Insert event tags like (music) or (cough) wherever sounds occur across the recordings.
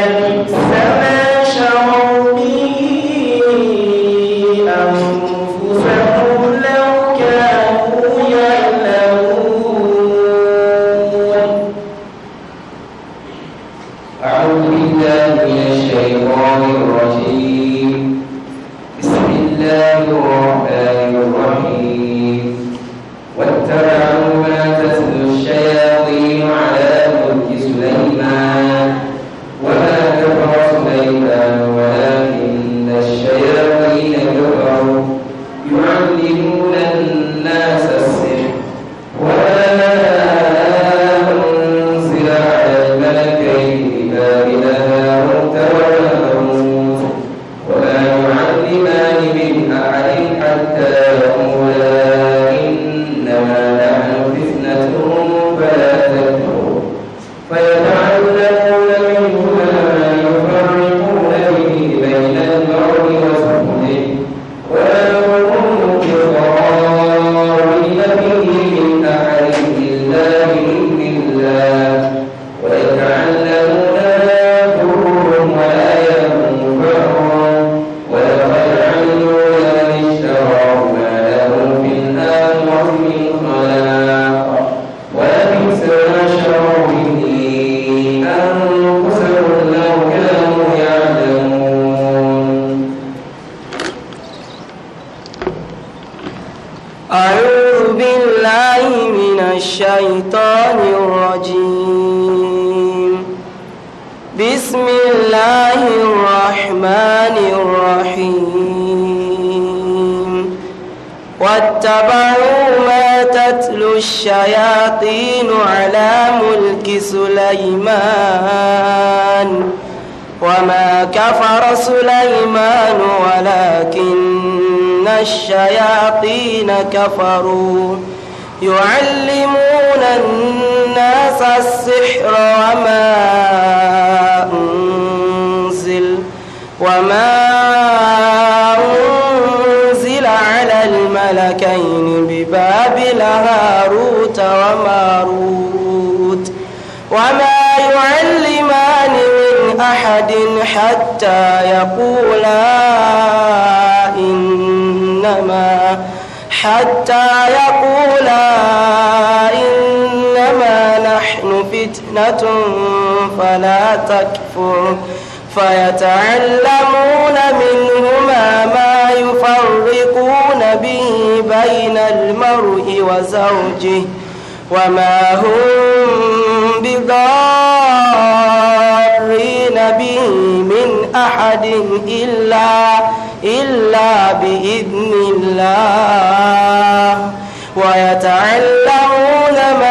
Amen. واتبعوا ما تتلو الشياطين على ملك سليمان وما كفر سليمان ولكن الشياطين كفروا يعلمون الناس السحر وما أنزل وما أنزل الملكين ببابل هاروت وماروت وما يعلمان من أحد حتى يقولا إنما حتى يقولا إنما نحن فتنة فلا تكفر فيتعلمون منهما ما يفرقون به بين المرء وزوجه وما هم بضارين به من أحد إلا إلا بإذن الله ويتعلمون ما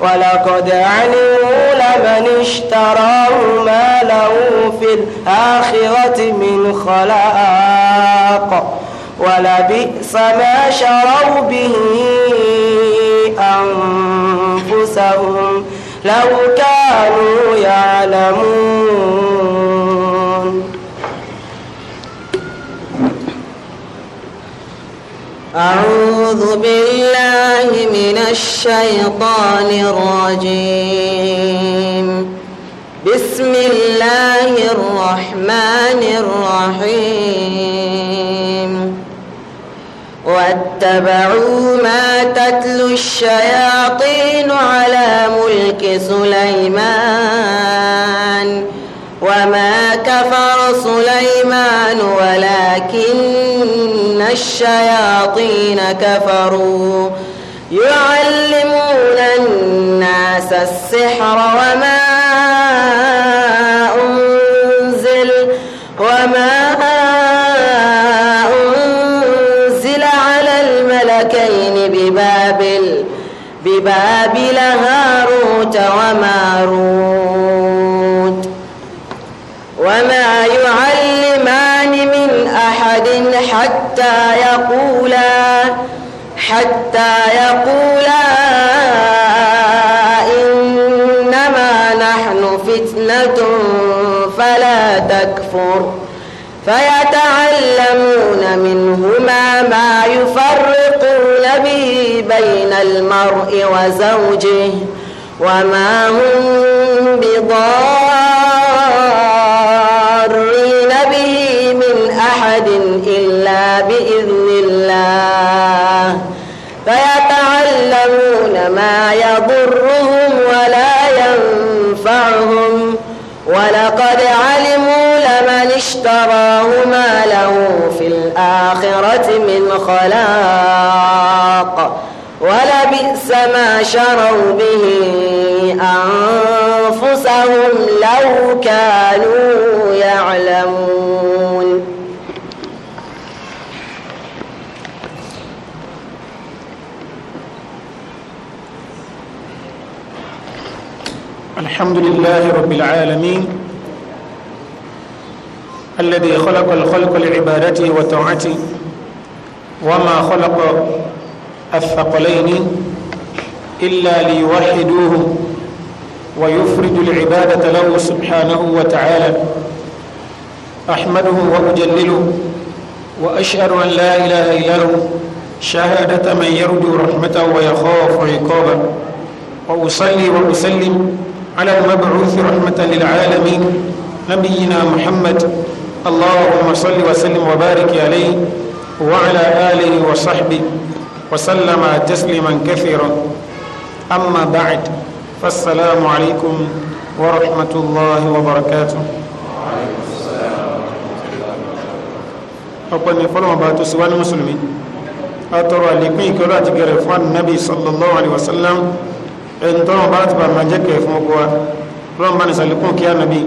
ولقد علموا لمن اشتراه ما له في الآخرة من خلاق ولبئس ما شروا به أنفسهم لو كانوا يعلمون أعوذ بالله من الشيطان الرجيم بسم الله الرحمن الرحيم واتبعوا ما تتلو الشياطين على ملك سليمان وما كفر سليمان ولكن الشياطين كفروا يعلمون الناس السحر وما أنزل وما أنزل على الملكين ببابل ببابل هاروت وماروت حتى يقولا إنما نحن فتنة فلا تكفر فيتعلمون منهما ما يفرقون به بين المرء وزوجه وما هم بضارين به من أحد إلا بإذن الله ما يضرهم ولا ينفعهم ولقد علموا لمن اشتراه ما له في الآخرة من خلاق ولبئس ما شروا به أنفسهم لو كانوا يعلمون الحمد لله رب العالمين الذي خلق الخلق لعبادته وطاعته وما خلق الثقلين إلا ليوحدوه ويفرد العبادة له سبحانه وتعالى أحمده وأجلله وأشهد أن لا إله إلا هو شهادة من يرجو رحمته ويخاف عقابه وأصلي وأسلم على المبعوث رحمة للعالمين نبينا محمد اللهم صل وسلم وبارك عليه وعلى آله وصحبه وسلم تسليما كثيرا أما بعد فالسلام عليكم ورحمة الله وبركاته ọ̀pọ̀ ní fọ́lọ́mọ̀ bá tó síwá ní mùsùlùmí a tọrọ àlékún ìkọlọ́ àti gẹ̀rẹ̀ fún annabi sallallahu alaihi ẹni tọ́lọ́ bá láti bá máa jẹ́ kẹ̀ fún ọkọ̀ wa lọ́n bá ní sàlékún kí ànàbí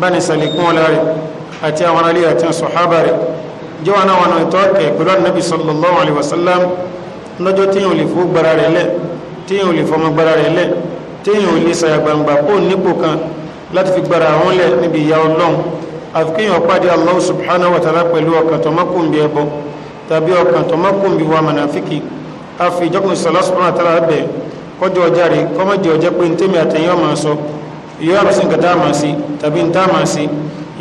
bá ní sàlékún ọlá rẹ̀ àti àwọn alẹ́ àti sọ̀hábà rẹ̀ jẹ́ wọn àwọn ìtọ́ kẹ̀ pẹ̀lú ànàbí sallallahu alaihi wasallam lọ́jọ́ tí yóò lè fún gbara rẹ̀ lẹ̀ tí yóò lè fọmọ gbara rẹ̀ lẹ̀ tí yóò lè sàyà gbangba kó nípò kan láti fi gbara àwọn lẹ̀ níbi ìyá subhanahu wa ta'ala pẹ̀lú ọkàn tọmọkùnbi ẹbọ tàbí ọkàn tọmọkùnbi wa mànàfíkì àfi ìjọkùn sàlásùpọ̀ àtàlà bẹ́ẹ̀ kọjọ ọjà rè kọmọjọ ọjà pé ntẹ́mi àtẹ̀yìn ọmọ sọ ìyọ́ ọ̀rọ̀ sí nkàtà máa sí tàbí ntà máa sí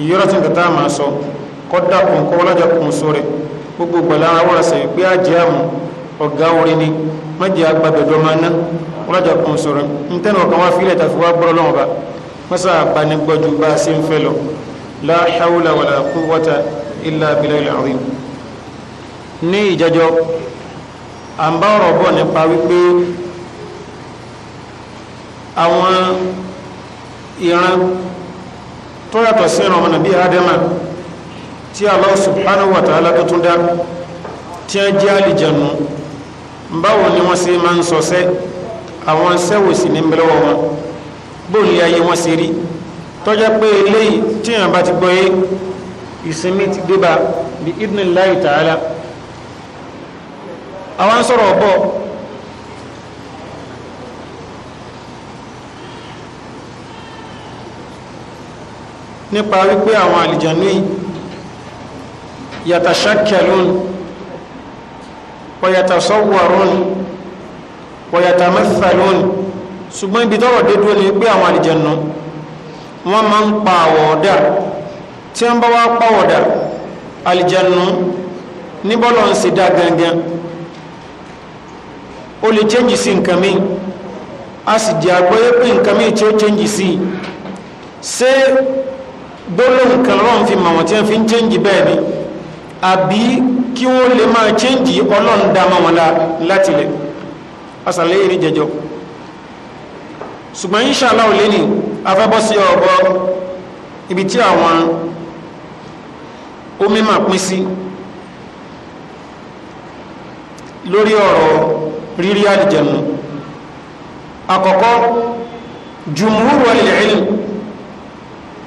ìyọ́ ọ̀rọ̀ sí nkàtà máa sọ kọ́dà kún kọ́ ọlọ́jà kún sọ rẹ̀ gbogbo gbala awọ́ra sẹ̀ pé àjẹ́ àmọ́ ọ̀gá orin ni mọ̀jẹ̀ agbábẹ̀dọ̀ máa ná ọlọ́jà kún sọ rẹ̀ ntẹ́nu ọ̀kan wá fílẹ̀ tàfi wá gbọ́rọ̀ lọ́wọ́ bá mọ́sá abanigbọ́jú bá a ṣe ń fẹ́ lọ la hawla wala quwwata illa billahi al-azim ní ìjẹjọ́ à ń bá ọ̀rọ̀ bọ̀ nípa wípé àwọn ìran tó yàtọ̀ sí ìran ọmọnà bíi adama tí Allah subhanahu wa ta'ala tó tún dá tí a jẹ́ àlìjẹ̀nu báwo ni wọ́n ṣe máa ń sọsẹ́ àwọn sẹ́wò sí ní bẹ́lẹ́wọ̀ wọn bóun ní ayé wọn ṣe rí tọ́já pé eléyìí tí yàn bá ti gbọ́ yé ìsinmi ti débà bí idnillahi ta'ala àwọn sọ̀rọ̀ bọ́ nípa wípé àwọn àlìjànú yàtàṣákẹ̀lún wọ̀yàtàṣọ́wọ̀rún wọ̀yàtàmẹ́fẹ̀lún ṣùgbọ́n ibi tọ́rọ̀ dé dúró ni pé àwọn àlìjànú wọ́n máa ń pa àwọ̀ọ̀dà tí wọ́n bá wá pàwọ̀dà àlìjànú níbọ̀lọ̀ ń sì dá gangan ó lè chẹ́njì sí nǹkan mi a sì jẹ́ àgbọ́yé pé nǹkan mi tí ó chẹ́njì sí ṣé gbólóhùn kan lọ́n fi màwọn tí wọ́n fi ń chẹ́ǹjì bẹ́ẹ̀ ni àbí kí wọ́n lè máa chẹ́ǹjì ọlọ́run dá máa wọn láti lẹ̀ asàlẹ̀ èrè jẹjọ ṣùgbọ́n inṣàlá ò lé ní afẹ́bọ́ sí ọ̀bọ ibi tí àwọn omi máa pín sí lórí ọ̀rọ̀ rírí àlìjẹ̀nu àkọ́kọ́ jùmúrù ilẹ̀ ilẹ̀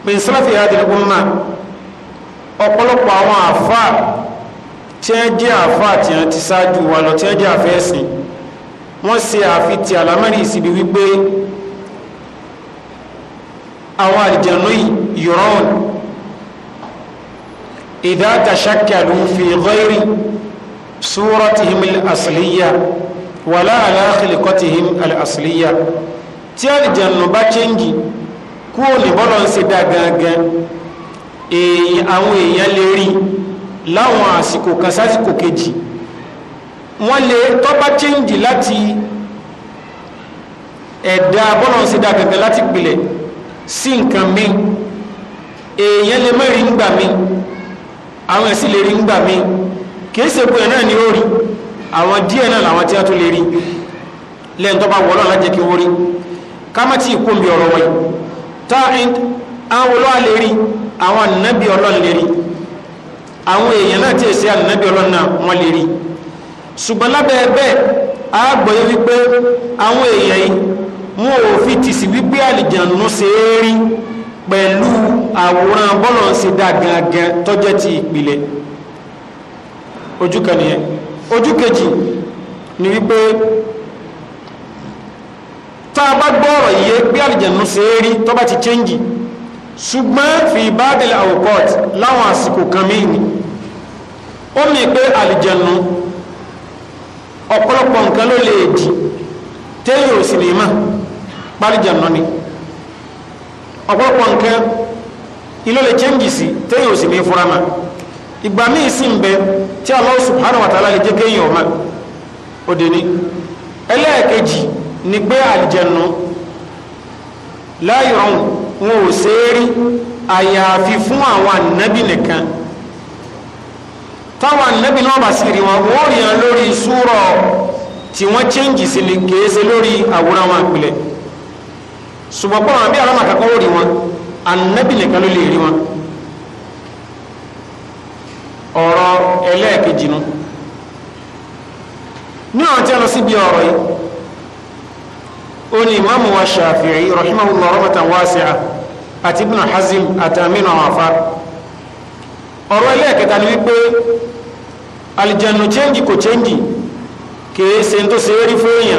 min salafi hadhihi umma ọ̀pọ̀lọpọ̀ àwọn àfa tí wọ́n jẹ́ àfa tí wọ́n ti ṣáájú wa lọ tí wọ́n jẹ́ àfẹ́ ẹ̀sìn wọ́n ṣe àfi ti àlámẹ́rì síbi wípé àwọn àlìjẹ̀nú yọ̀rọ̀n idha tashakkalu fi ghayri suratihim al-asliya wala ala khilqatihim al-asliya tí àlìjẹ̀nú bá chẹ́ngì kúrò ní bọ́lọ̀ ń ṣe dá gangan èèyàn àwọn èèyàn lè rí láwọn àsìkò kan sásìkò kejì wọ́n lè tọ́ba chéǹjì láti ẹ̀dá bọ́lọ̀ ń ṣe dá gangan láti gbilẹ̀ sí nǹkan mi èèyàn lè mẹ́rin ń gbà mí àwọn ẹ̀sìn lè rí ń gbà mí kìí ṣe pé náà ni ó rí àwọn díẹ̀ náà làwọn tí a tún lè rí lẹ́yìn tó bá wọ́lọ́ lájẹ́ kí wọ́n rí ká má tí ì kó mi ọ̀rọ̀ wọ̀nyí ta àwọn olóò àlérí àwọn ànábì ọlọ́run lérí àwọn èèyàn náà tí èsì ànábì ọlọ́run náà wọ́n lérí ṣùgbọ́n lábẹ́ ẹgbẹ́ àgbọ̀yé wípé àwọn èèyàn yìí wọn ò fi tìsí wípé àlìjànú ṣe é rí pẹ̀lú àwòrán bọ́lọ̀ ṣe dá gangan tọ́jẹ́ ti ìpìlẹ̀ ojú kan nìyẹn ojú kejì ni wípé tá a bá gbọ́ ọ̀rọ̀ yìí pé àlìjẹ̀nu ṣe é rí tó bá ti ṣùgbọ́n fi ìbádìlẹ̀ àwòkọ́t láwọn àsìkò kan míì ó mì pé àlìjẹ̀nu ọ̀pọ̀lọpọ̀ nǹkan ló lè dì téèyàn ò sì pálíjẹ̀nu ni ọ̀pọ̀lọpọ̀ nǹkan ilé lè chẹ́ǹgì sí téèyàn ò sì fura ìgbà míì sì ń bẹ tí ni pé àlìjẹ̀nù láyọ̀ wọn ò ṣe é rí àyàfi fún àwọn ànábì nìkan táwọn ànábì náà bá sì rí wọn wọ́n rí wọn lórí súrọ̀ tí wọ́n chẹ́ǹjì sí ni kìí ṣe lórí àwòrán wọn àpilẹ̀ ṣùgbọ́n pọ́n àbí àlámà kankan ó rí wọn ànábì nìkan ló lè rí wọn ọ̀rọ̀ ẹlẹ́ẹ̀kejì nu ní àwọn tí a lọ síbi ọ̀rọ̀ yìí oni imaamu wa shafi'i rahimahullah rahmatan wasi'a àti ibn hazim àtàmínú àwọn afá ọ̀rọ̀ ẹlẹ́ẹ̀kẹta ni wípé alìjẹnu chẹ́ǹgì kò chẹ́ǹgì kìí ṣe tó ṣe rí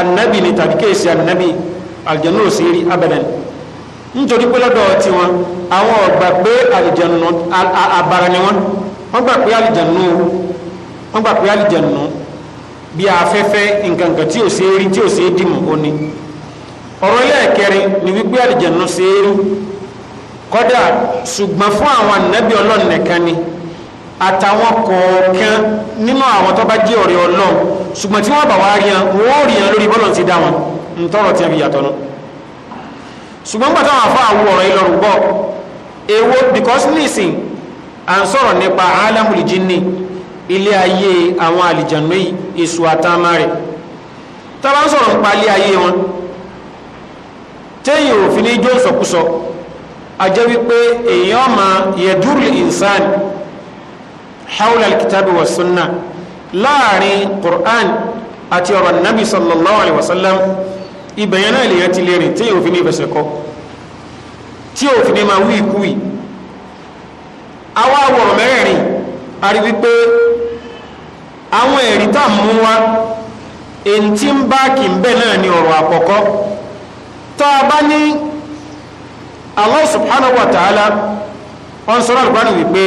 annabi ni annabi alìjẹnu ò abadan nítorí pé lọ́dọ̀ ti wọn àwọn ọ̀gbà pé àbára ni wọn wọ́n gbà pé alìjẹnu wọ́n gbà pé bí afẹ́fẹ́ nǹkan kan tí ò ṣe é rí tí ò ṣe é dìmọ̀ ó ní ọ̀rọ̀ ẹlẹ́ẹ̀kẹrin ni wípé àlìjẹ̀nu ṣe é rí kọ́dà ṣùgbọ́n fún àwọn ànábì ọlọ́run nìkan ni àtàwọn kọ̀ọ̀kan nínú àwọn tó bá jẹ́ ọ̀rẹ́ ọlọ́run ṣùgbọ́n tí wọ́n bá wá rí hàn wọ́n ó rí hàn lórí bọ́lọ̀ ti dá wọn ntọ́rọ̀ tí a fi yàtọ̀ náà ṣùgbọ́n gbàtà wọn fún àwọn ọ̀rọ̀ ìlọrùn gbọ́ èwo because nísìn à ń sọ̀rọ̀ nípa alámùlìjì ní ilé ayé àwọn àlìjànú èso àtàmà rẹ̀ tọ́lá ń sọ̀rọ̀ nípa ilé ayé wọn téèyàn òfin ní ijó ìsọkúsọ ajẹ́ wípé èèyàn ma yẹ̀dúrù ìnsán haúlà kìtàbí wa sunna láàrin Qur'an àti ọ̀rọ̀ nabi sallallahu alaihi wasallam ibẹ̀yẹn náà lèyàn ti lè rìn téèyàn òfin ní ìfẹsẹ̀ kọ́ tí òfin ní ma wí kúwì awa wọ̀rọ̀ a rí wípé àwọn ẹ̀rí tá a mú wa èyí tí ń bá kì í bẹ́ẹ̀ náà ni ọ̀rọ̀ àkọ́kọ́ tá a bá ní Allah subhanahu wa ta'ala wọ́n sọ̀rọ̀ àlùbánu wípé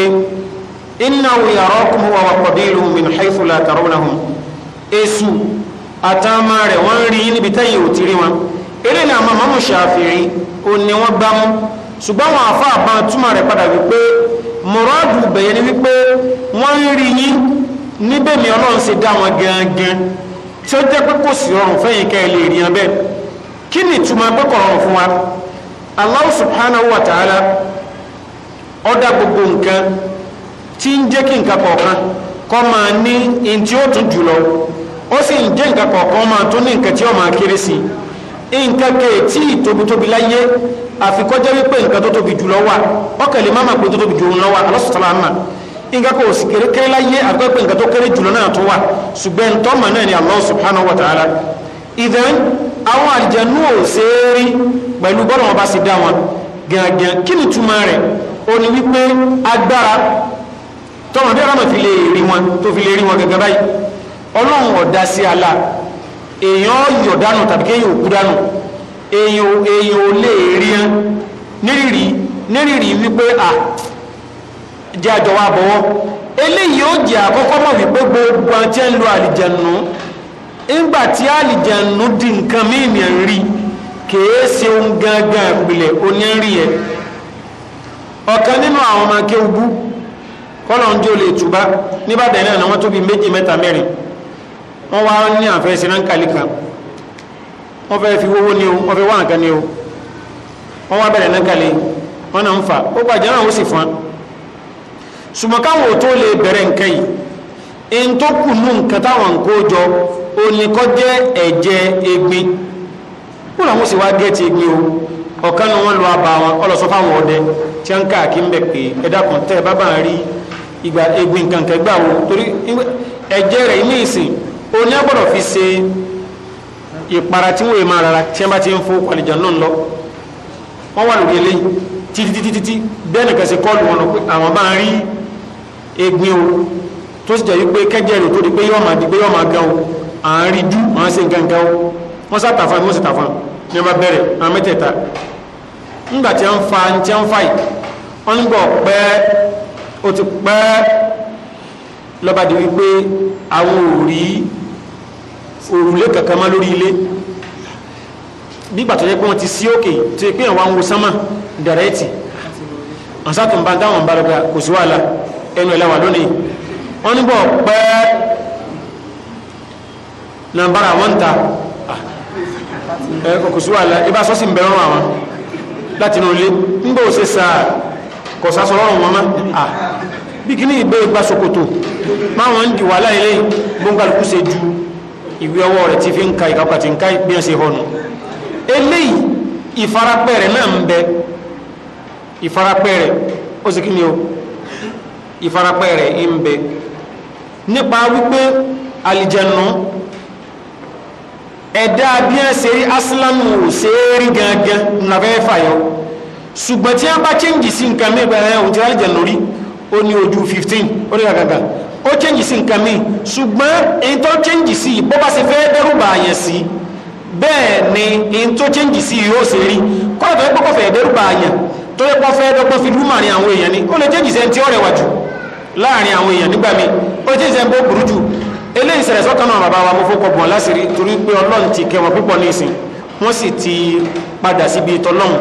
innahu yarakum wa qabiluhu min haythu la tarawnahum èṣù àtàmà rẹ̀ wọ́n rí níbi táyé ò rí wọn eré ní àmọ́ mọ́mú Ṣáfi'í ò ní wọ́n gbá mú ṣùgbọ́n wọn àfa àbá túmọ̀ rẹ̀ padà wípé mọ̀rọ́dù bẹ̀yẹ ni wípé wọ́n rí yín níbẹ̀ mi ọlọ́run ṣe dá wọn gangan tí ó jẹ́ pé kò sí fẹ́yìn ká ẹ lè rí kí ni ìtumọ̀ fún wa wa ta'ala gbogbo nǹkan tí ń jẹ́ kí nǹkan kọ̀ọ̀kan kọ́ máa ní in tí ó tún jùlọ ó sì ń jẹ́ nǹkan kọ̀ọ̀kan máa tún ní nǹkan tí ó máa kéré sí nǹkan nǹkan kò sì kéré kéré láyé àgbẹ̀pẹ̀ nǹkan tó kéré jùlọ náà tó wà ṣùgbọ́n tọ́mọ̀ náà ni Allah subhanahu wa ta'ala ìdán àwọn àlìjẹ̀nú ò ṣe é rí pẹ̀lú bọ́lá wọn bá sì dá wọn gẹ̀ẹ́gẹ̀ẹ́ ni túmọ̀ rẹ̀ ó ní wípé agbára tọ́mọ̀ fi lè rí wọn tó fi lè rí wọn gẹ́gẹ́ báyìí ọlọ́run ọ̀dá sí Allah èèyàn yọ̀ dànù tàbí kéèyàn òkú dànù èèyàn ò lè rí ẹ nírìírí nírìírí wípé à jẹ́ àjọ wa bọ̀wọ́ eléyìí ó jẹ́ àkọ́kọ́ mọ̀ wípé gbogbo àti ẹ̀ ń lo àlìjẹ̀nù ńgbà tí àlìjẹ̀nù di nǹkan mímì ń rí kìí ṣe ohun gangan ìpìlẹ̀ onírì yẹn ọ̀kan nínú àwọn ọmọ akéwubú kọ́lọ̀ ń jó lè túbá níbàdàn náà wọ́n tóbi méjì mẹ́ta mẹ́rin wọ́n wá ní àfẹ́ sinankali kan wọ́n fẹ́ fi wówó ni o wọ́n fẹ́ wá nǹkan ni o wọ́n wá bẹ̀rẹ̀ nankali wọ́n náà ń fa ó gbàjẹ́ náà ó sì fún wa ṣùgbọ́n káwọn tó lè bẹ̀rẹ̀ nǹkan yìí in tó kù nù nǹkan táwọn kó jọ oníkọ́ jẹ́ ẹ̀jẹ̀ egbin wọn làwọn sì wá gẹ́ẹ̀tì egbin o ọ̀kan ni wọ́n lọ abà wọn ọlọ́sọ fáwọn ọdẹ tí wọ́n ń káàkiri bẹ̀ pé ẹ̀dàkùn tẹ́ bábà rí ìgbà egbin kankan gbà wo torí ẹ̀jẹ̀ rẹ̀ ní ìsìn oní agbọ́dọ̀ fi ṣe ìpara tí wọ́n yẹ máa rárá tí wọ́n bá ti ń fún àlìjàn náà lọ wọ́n wà lórí eléyìí títí bẹ́ẹ̀ nìkan ṣe kọ́ọ̀lù wọn lọ pé àwọn bá rí egbin o tó sì jẹ́ wípé kẹ́jẹ́ rẹ̀ tó di pé yọ́ọ̀mà di pé yọ́ọ̀mà gan o à ń rí jú à ń ṣe gangan o wọ́n sá tàfà ni wọ́n sì tàfà ní ọba bẹ̀rẹ̀ àwọn mẹ́tẹ̀ẹ̀ta ńgbà tí wọ́n fa ní tí wọ́n fa yìí wọ́n ń gbọ́ pẹ́ ó ti pẹ́ lọ́ba di wípé àwọn ò òrùlé kankan mọ́ lórí ilé nígbà tó yẹ pé wọ́n ti sí òkè tó yẹ pé àwọn àwọn sánmà dẹ̀rẹ́tì àṣà tó ń bá dáwọn ń kò sí wàhálà ẹnu ẹlẹ́wà lónìí wọ́n níbọ̀ pẹ́ nàbàrà àwọn ń ta ọkùsù àlà ibà sọ́sì ń bẹ̀rọ̀ àwọn láti inú ilé ń bò ṣe sà kọ̀ sásọ lọ́rùn wọn má bí kí ní ìgbé ìgbà ṣòkòtò máwọn ń di wàhálà ilé gbóngbàlùkù ṣe ju ìwé ọwọ́ rẹ̀ ti fi ń ka ìkàpà ti ń ká bí wọ́n ṣe rẹ̀ náà ń bẹ ìfarapẹ́ rẹ̀ ó sì kí ni o ìfarapẹ́ rẹ̀ ń bẹ nípa wípé alìjẹnu ẹ̀dá bí ẹ ṣe rí asílámù ò ṣe é rí gangan nàfẹ́ fàyọ ṣùgbọ́n tí wọ́n bá chẹ́ǹjì sí nǹkan mi ìbẹ̀rẹ̀ ohun tí wọ́n jẹ̀ lórí ó ní ojú 15 ó ní gàgàgà ó chẹ́ǹjì sí nǹkan mi ṣùgbọ́n èyí tó chẹ́ǹjì sí bó bá ṣe fẹ́ dẹ́rùbà àyẹ̀ sí bẹ́ẹ̀ ni èyí tó chẹ́ǹjì sí yóò ṣe rí kọ́ọ̀tù ẹgbẹ́ kọfẹ́ dẹ́rùbà àyẹ̀ tó yẹ kó dọ́gbọ́n fi lúmọ̀ àwọn èèyàn ni ó lè chẹ́ǹjì sẹ́ni tí ó rẹwà jù láàrin àwọn èèyàn nígbà mi ó ti ṣe ń bó burú jù eléyìí ṣẹlẹ̀ sọ́kàn náà bàbá wa mo fọkọ̀ bọ̀ láṣìírí torí pé ọlọ́run ti kẹwọn púpọ̀ ní ìsìn wọ́n sì ti padà síbi tọlọ́run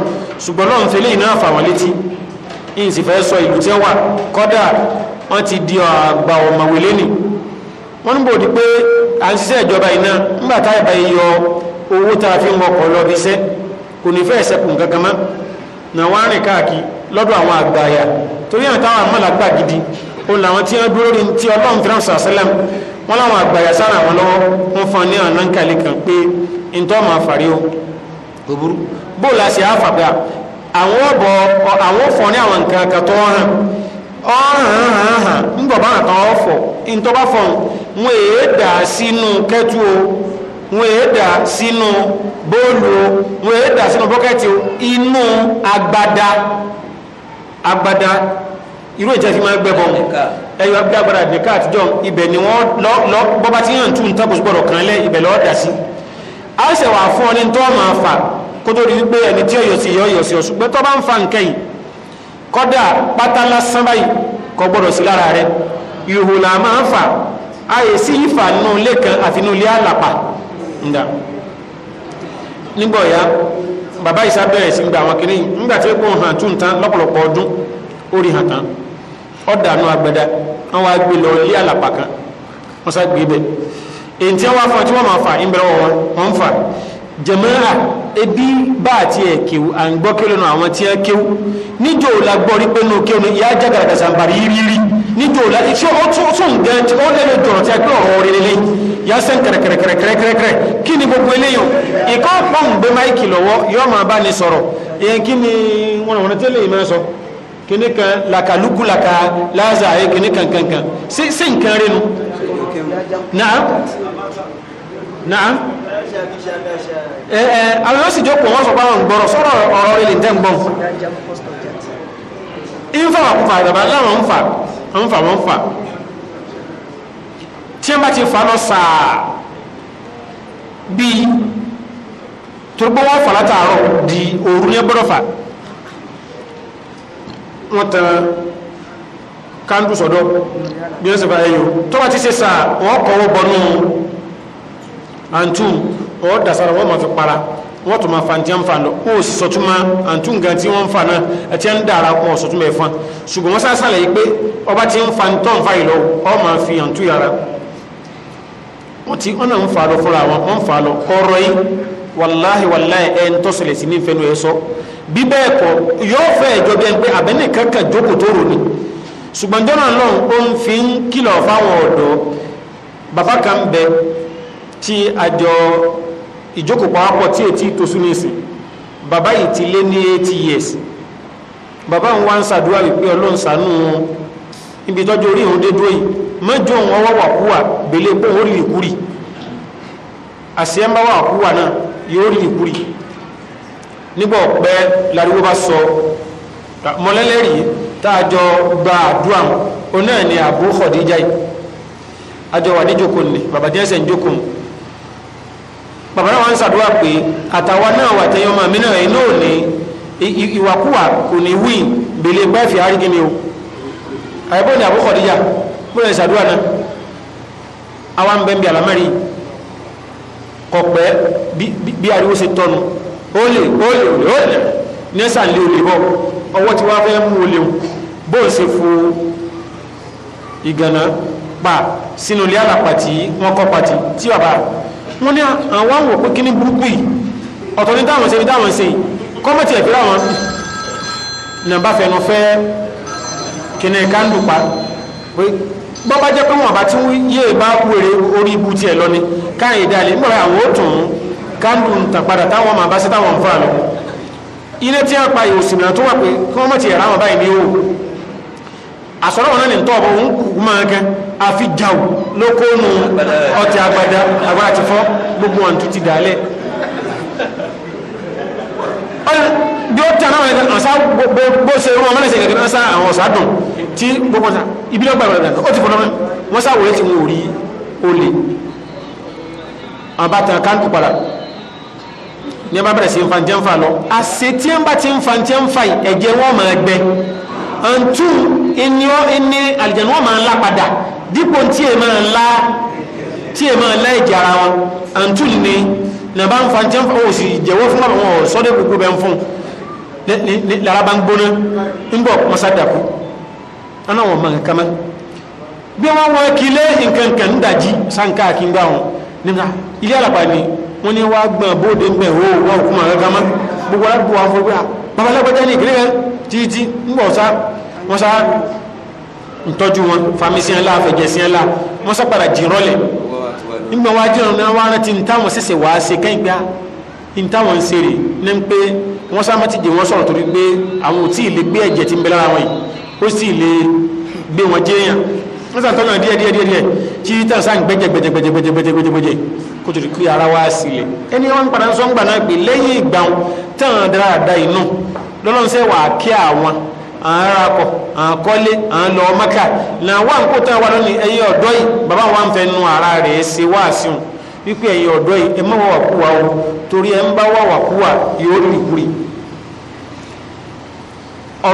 ṣùgbọ́n lọ́run fẹlẹ́ iná fà wọ́n létí yìí fẹ́ sọ ìlú tí wà kọ́dà ti di àgbà ọ̀mọ̀wé lẹ́nì wọ́n ń bòdì pé à ń ṣiṣẹ́ ìjọba iná yọ owó tá a fi ń wọkọ̀ lọ bí iṣẹ́ kò ní fẹ́ kankan mọ́ nà wọ́n á rìn ó làwọn tí wọ́n dúró ní tí ọlọ́run tí wọ́n wọn láwọn àgbàyà sára àwọn lọ́wọ́ wọn ní àná kan pé ntọ́ máa fàrí o òbúrú bóòlù àṣẹ àfàgbà àwọn ọ̀bọ̀ àwọn fọ̀ ní àwọn nǹkan kan hàn ọ̀hàn hàn hàn ń kan ọ̀fọ̀ ntọ́ bá fọ̀ wọn èé dà sínú agbada irú ìjẹ́ fi máa gbẹ́bọ̀ ẹ̀yọ́ agbára nìka àtijọ́ ibẹ̀ ni wọ́n lọ bọ́bá tí yàn tún tàbí gbọ́dọ̀ kan lẹ́ ibẹ̀ lọ́ dà sí a ṣe wà fún ọ ní tó máa fà kó tó di wípé ẹni tí ọyọ sí yọ sí ọṣù pé bá ń fa nǹkan kọ́dà pátá lásán báyìí kò gbọ́dọ̀ sí lára rẹ ìhò là máa ń fà ààyè sí ìfà àti bàbá ìsá bẹ̀rẹ̀ sí gba àwọn kìnnìyàn nígbà tí ó hàn tún tán ọ̀dànù agbada wọn wá gbé lọ ilé àlàpà kan wọn sá gbé bẹ èyí tí wọn wá fún ọ tí wọn máa fà ń bẹ̀rẹ̀ wọn wọn ń fà jẹmọ́ra ebi bá àti ẹ̀ kéwu à ń gbọ́ kéwu náà àwọn tí wọn kéwu níjó la gbọ́ rí pé nù kéwu ní ìyá jágàràgà sàǹbàrí rírí níjó la tí ó tún gan tí ó lẹ́nu jọ̀rọ̀ tí a gbé ọ̀rọ̀ rí lélẹ́ yà sẹ́n kẹ̀rẹ̀kẹ̀rẹ̀kẹ̀rẹ̀kẹ̀rẹ̀ kí ni gbogbo eléyàn ìkọ́ pọ́ùn gbé máìkì lọ́wọ́ yọ́ọ́ máa bá ní sọ̀rọ̀ ìyẹn kí ni wọn àwọn tẹ́lẹ̀ ìmọ̀ sọ kìnnì kan làkàlùkù làkà láàzà ayé kìnnì kan kankan sí sí nǹkan rẹ nu. naam naam ẹ ẹ àwọn yóò sì jókòó wọn sọ pé àwọn ń gbọ́rọ̀ sọ̀rọ̀ ọ̀rọ̀ rẹ lè tẹ ń gbọn nfa wà kópa àgbàbà láwọn nfa nfa wọn nfa tí wọn bá ti fa lọ sáà bíi torí pé wọn fà látàárọ̀ di òru yẹn gbọ́dọ̀ fà. wọ́n tan kándù sọ́dọ̀ bí wọ́n sì bá ẹyọ tó bá ti ṣe sà wọ́n kọ̀wọ́ bọnú àǹtù ọ̀ dàsára wọ́n ma fi para wọ́n tún ma fa ti ń fa lọ ó sì sọtúmọ̀ àǹtù nǹkan tí wọ́n ń fa náà ẹ̀tí ń dàra ẹ̀fọn ṣùgbọ́n wọ́n yìí pé ọba ti ń fa ń tọ́ ń ìlọ ma fi àǹtù yàrá wọ́n ti ọ̀nà ń fa lọ fúnra wọn wọ́n ń fa lọ ọ̀rọ̀ bí bẹ́ẹ̀ kọ́ yóò fẹ́ ìjọ bí ẹni pé àbẹ́lẹ̀ kankan jókòó tó rò ní ṣùgbọ́n jọ́nà náà ó ń fi ń kìlọ̀ fáwọn ọ̀dọ́ bàbá kan ń bẹ tí àjọ ìjókòó pàápọ̀ tí ètí tó sún ní ìsìn bàbá yìí ti lé ní eighty years bàbá ń wá ń ṣàdúrà wípé ọlọ́run ṣàánú wọn níbi tọ́jú orí òun dé yìí mọ́jọ́ òun ọwọ́ wà kúwà bèlè pé òun rí ìkúrì àṣẹ ń bá wà kúwà náà yóò rí ìkúrì nígbà ọ̀pẹ́ lariwo bá sọ mọ́lẹ́lẹ́rìí tààjọ gba àdúrà òun ni Abu Khadija yìí àjọ wà ní jókòó ni bàbá díẹ̀ sẹ̀ ń jókòó bàbá náà wà ń sàdúrà pé àtàwa náà wà tẹ̀yọ́ màmí náà iná ò ní ìwàkúwà kò ní wí bèlè gbáfì àrígi ni o àyẹ̀bọ́ ni Abu Khadija bó lè sàdúrà náà àwa ń bẹ́ ń bí àlámẹ́rì kọ̀pẹ́ bí ariwo ṣe tọ́nu olè olè olè olè nẹ́sà lé olè bọ́ ọwọ́ tí wọ́n fẹ́ mú olè bó ń ṣe fo ìgànnà pa sínú ilé àlàpàtì wọn kọ́ pàtì tí bàbá wọn ní àwọn àwọn òpin kíní burúkú yìí ọ̀tọ̀ ní táwọn ṣe ní táwọn ṣe kọ́mọ̀tì ẹ̀fẹ́ làwọn nàbà fẹnu fẹ́ kíní kándù pa pé bọ́bá jẹ́ pé wọn àbá tí yéé bá wèrè orí ibu tiẹ̀ lọ ni káyìn ìdálé nígbà àwọn ó tún un kándù ń tàn padà táwọn ọmọ àbáṣe táwọn ń fà lọ ilé tí a pa ìwò sìmìnà tó wà pé kí wọ́n mọ̀ ti ẹ̀rá wọn báyìí ní òwò àsọ̀rọ̀ wọn náà ní tọ́ ọ̀bọ̀ òun kù máa kẹ́ àfi jàù ló kó nu ọtí agbada agbára ti fọ́ gbogbo wọn tún ti dàálẹ̀ bí ó tàn àwọn ẹ̀dá ọ̀sá ṣe rú ọmọ náà náà sá àwọn ọ̀sá dùn tí gbogbo ọ̀sá ibi lọ́gbà ìwọ̀n ìdàgbà ó ti fọ́nà wọn sá wòye ti wọn ò olè àbátan káńtù padà ní ẹ bá bẹ̀rẹ̀ sí nfàǹtẹ́ nfà lọ àṣẹ tí ẹ bá ti nfàǹtẹ́ nfà yìí ẹ̀jẹ̀ wọn máa gbẹ àǹtú ẹni àlìjẹ̀nu wọn máa ń la padà dípò tí ẹ máa ń la tí ẹ máa ń la ẹ̀jẹ̀ ara wọn àǹtú ni ní ẹ bá nfàǹtẹ́ nfà ó sì jẹ̀wọ́ fún àwọn sọ́dẹ̀ gbogbo bẹ́ẹ̀ fún lára bá ń gbóná ń bọ̀ mọ́sádàkú ọ̀nà wọn máa kama bí wọ́n wọ́n kílé nǹkan kan ń dàjí sáǹkà kí ń gbà wọn nígbà ilé àlàpàá ni wọ́n ní wàá gbọ́n bóde ń bẹ̀ ó wọ́n kú màá kankan mọ́ gbogbo aládùúgbò wa fún pé ah, babalágbẹ́jẹ́ ní ìkíní kan títí ń bọ̀ sá wọ́n sá ntọ́jú wọn famisi ńlá afẹjẹsí ńlá wọ́n sá padà jìn rọlẹ̀ nígbà wàá jìnnà náà wàá rántí ntáwọn sẹsẹ wàá ṣe kẹ́yìn gbá ah, ntáwọn ń ṣeré ní pé wọ́n sá mọ́tì jẹ wọ́n sọ̀rọ̀ torí pé àwọn ò tí ì lè gbé ẹ̀jẹ̀ tí ń bẹ lára wọn yìí ó sì lè gbé wọn jẹ́yàn wọ́n sàn tọ́lọ̀ díẹ̀ díẹ̀ díẹ̀ tí tàn sáà ń gbẹ́jẹ̀ gbẹ́jẹ̀ gbẹ́jẹ̀ gbẹ́jẹ̀ gbẹ́jẹ̀ gbẹ́jẹ̀ gbẹ́jẹ̀ kò tó kí ara wá sílẹ̀ ẹni wọn padà ń sọ ń gbà náà pé lẹ́yìn ìgbà tàn dáadáa inú lọ́lọ́run sẹ́ wà á kí àwọn àárakọ̀ àkọ́lé àlọ́ maka na wà ń kó tán wà lónìí ẹ̀yin ọ̀dọ́ yìí bàbá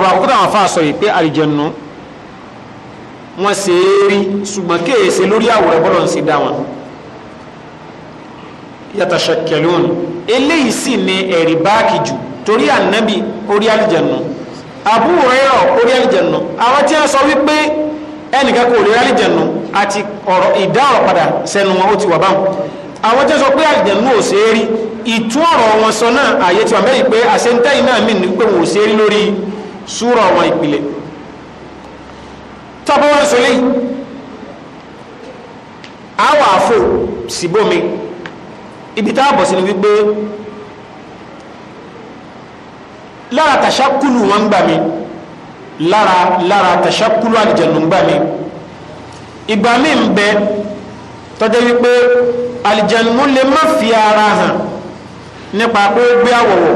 àkókò wọ́n ṣe é rí ṣùgbọ́n kéèṣe lórí àwòrán bọ́lọ̀ ń ṣe dá wọn yatashakkalun eléyìí sì ni ẹ̀rí báàkì jù torí ànábì orí àlìjẹ̀nù Abu Hurairah orí àlìjẹ̀nù àwọn tí wọ́n sọ wípé ẹnìkan kò rí àlìjẹ̀nù àti ọ̀rọ̀ ìdá ọ̀rọ̀ padà sẹ́nu wọn ó ti wà báwọn àwọn tí wọ́n sọ pé àlìjẹ̀nù ò ṣe é rí ìtú ọ̀rọ̀ wọn sọ náà àyè tí wọ́n mẹ́rin pé àṣẹ ń tẹ́yìn náà mí ní pé wọ́n ò ṣe é rí lórí súrọ̀ wọn ìpìlẹ̀ tábọ́ wá sọ àwọ̀ àfò ibi tá a bọ̀ sí ni wípé lára tàṣákùlù wọn gbà mí lára lára tàṣákùlù àlìjẹ̀nù gbà mí ìgbà mi ń bẹ wípé àlìjẹ̀nù lè má fi ara hàn nípa pé ó gbé àwọ̀wọ̀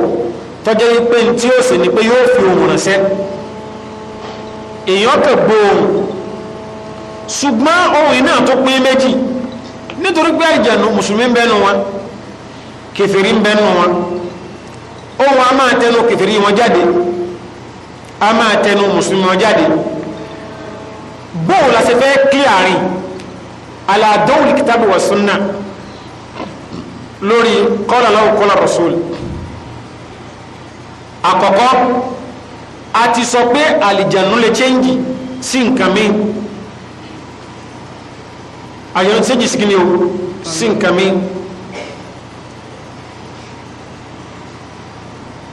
tọ́jẹ́ wípé ṣùgbọ́n ohun iná tó pín méjì nítorí pé àjẹ̀nù mùsùlùmí ń bẹ́nu wọn kèfèrí ń bẹ́nu wọn ohun a máa tẹnu kèfèrí wọn jáde a máa tẹnu mùsùlùmí wọn jáde bóò la ṣe fẹ́ kí àárín aláàdọ́wùlì kìtàbù wà súnà lórí qala Allahu qala àkọ́kọ́ a ti sọ pé àlìjẹ̀nù lè chẹ́ǹgì sí nǹkan mìíràn àyàn tí jìsí kíni o sí nǹkan mi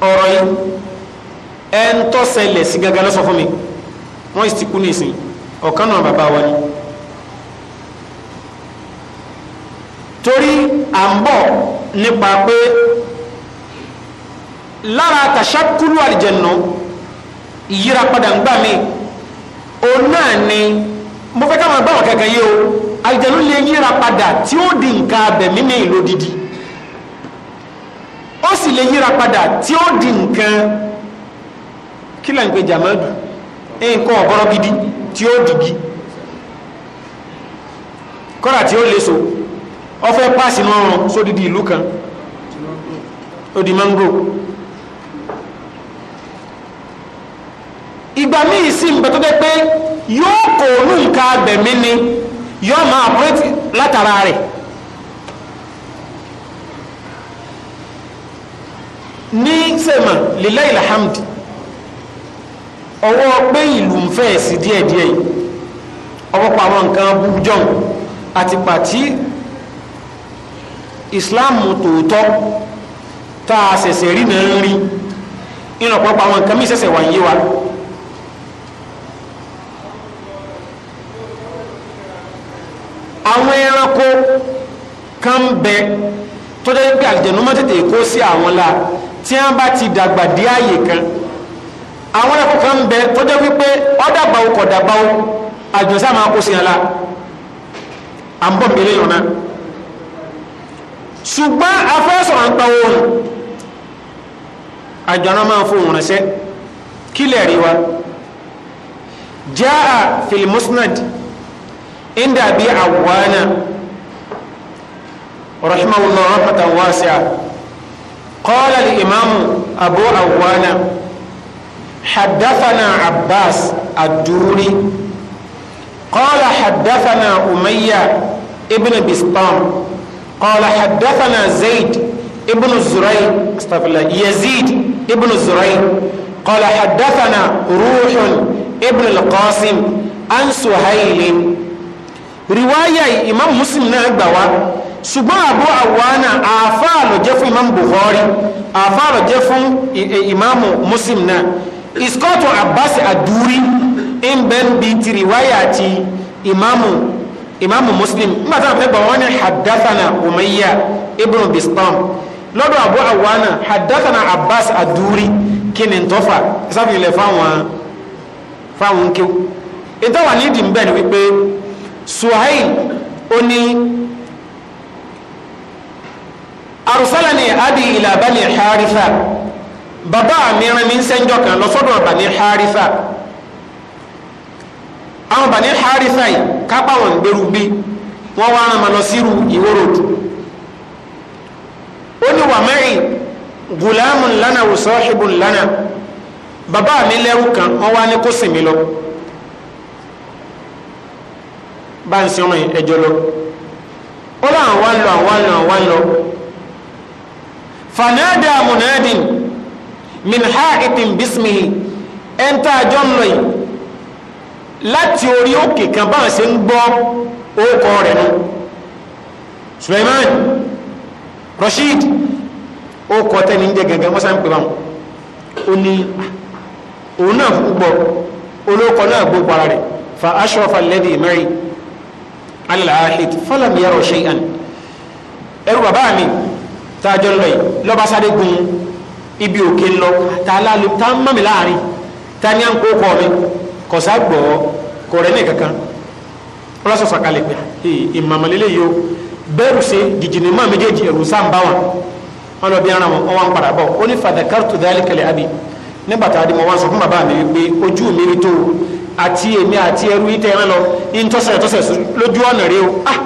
ọ̀rọ̀ yìí ẹ ń tọ́sẹ̀lẹ̀ mi wọ́n ti kú ní ìsìn ọ̀kan náà wa ni torí à ń bọ̀ nípa pé lára tàṣàkúrú àlìjẹ̀nà ìyíra padà ń gbà mí òun náà ni mo fẹ́ ká máa bá wọn kankan yé o àlìjànnú lè yíra padà tí ó di nǹkan abẹ̀mí ní ìlódìdí ó sì lè yíra padà tí ó di nǹkan kí là ń pe jàmọ́dù nǹkan ọ̀bọ̀rọ̀ gidi tí ó dìgí kọ́ra tí ó lè so ọfẹ́ páàsì náà rán sódìdí ìlú kan ó di mango ìgbà míì sí ìbẹ̀tọ́jẹ́ pé yóò kò òun nǹkan abẹ̀mí ni yóò máa operate látara rẹ̀ ní sèmà lillahi alhamdi ọwọ́ pé ìlú ń fẹ́ sí díẹ̀díẹ̀ yìí ọwọ́ pa àwọn nǹkan bújọ́n àti pàtí ìsìláàmù tòótọ́ tá a ṣẹ̀ṣẹ̀ rí náà ń rí ìrànpọ̀ pa àwọn nǹkan mí ṣẹ̀ṣẹ̀ wà yé àwọn ẹranko kan bẹ tó jẹ́ pé àlìjẹ̀nú máa tètè kó sí àwọn la tí wọ́n bá ti dàgbà dé àyè kan àwọn ẹranko kan bẹ tó jẹ́ wípé ọ̀dàgbà o kò dàgbà o àjọsá máa kó sí wọn la à ń bọ̀ mẹ́lẹ́ lọ́nà ṣùgbọ́n afẹ́sọ̀ à ń pa oòrùn àjọ̀nà máa fòun ránṣẹ́ kílẹ̀ rí wa jaa fil inda bi awana rahimahullah الله wasi'a qala قال الإمام أبو awana حدثنا عباس الدوري قال حدثنا أمية ابن بسطام قال حدثنا زيد ابن الزريع استغفر الله يزيد ابن الزريع قال حدثنا روح ابن القاسم عن سهيل riwaya imam muslim náà gbà wá ṣùgbọ́n Abu Awana àáfà ló jẹ́ fún imam bukhari àáfà ló jẹ́ fún imam muslim náà iskoto abbas aduri ń bẹ́ ń ti riwaya ti imam imam muslim nígbà tí wọ́n fẹ́ gbà wọ́n ní hadathana umayya ibn bistam lọ́dọ̀ Abu Awana hadathana abbas aduri kí ni tọ́fà sáfìlẹ̀ fáwọn fáwọn kéw ìtawà nídìí ń bẹ̀ ni wípé suhail ó ní arusalani abi ila bani harifa bàbá mi rán mi ń sẹ́njọ́ kan lọ sọ́dọ̀ bani harifa àwọn bani harifa yìí kápá wọn gbèrú bí wọ́n wá rán ma lọ sírù ìwòròdù ó ní wà mẹ́rin gùlámù lánàá wùsọ́ọ́hìbù lánàá bàbá mi lẹ́rù kan wọ́n wá ní kó sìn lọ bá ń sinrin ẹjọ́ lọ ó lọ àwọn lọ àwọn lọ àwọn lọ fanada munadin min ha'itin bismihi ẹ̀ńtà àjọ ń lọ yìí láti orí òkè kan bá ń ṣe ń gbọ́ orúkọ rẹ̀ nù Suleiman Rashid orúkọ tẹ́ni ń jẹ gẹ̀gẹ̀ wọ́n sá ń pè báwọn ó ní ah, òun náà gbọ́ olóòkọ náà gbogbo ara rẹ̀ fa ashrafa alladhi ma'i alàlàáhìd falam yẹrọ ṣeyan ẹrù bàbá mi tààjọ lọ yìí lọ́ba sáré gun ibi òkè lọ tààlálù tá ń mọ̀mí láàrin tá ní à ń kó kọ́ mi kò sá gbọ́ kò rẹ́ ní kankan ọlọ́sọ̀ sọ̀kalẹ̀ pé ìmọ̀mọ̀lélẹ́ yìí o bẹ́ẹ̀rù ṣe jìjìnnì mọ́ méjèèjì ẹ̀rù sáà ń bá wọn wọn lọ bí ara wọn wọn padà bọ̀ ó ní fàdàkàrù tó dálé àbí nígbà tá a di mọ̀ wọn sọ fún bàbá mi wípé ojú mi rí tó o àti èmi àti ẹrú ìtẹ́ ẹran lọ ìtọ́sẹ̀ tọ́sẹ̀ lójú ọ̀nà rẹ o ah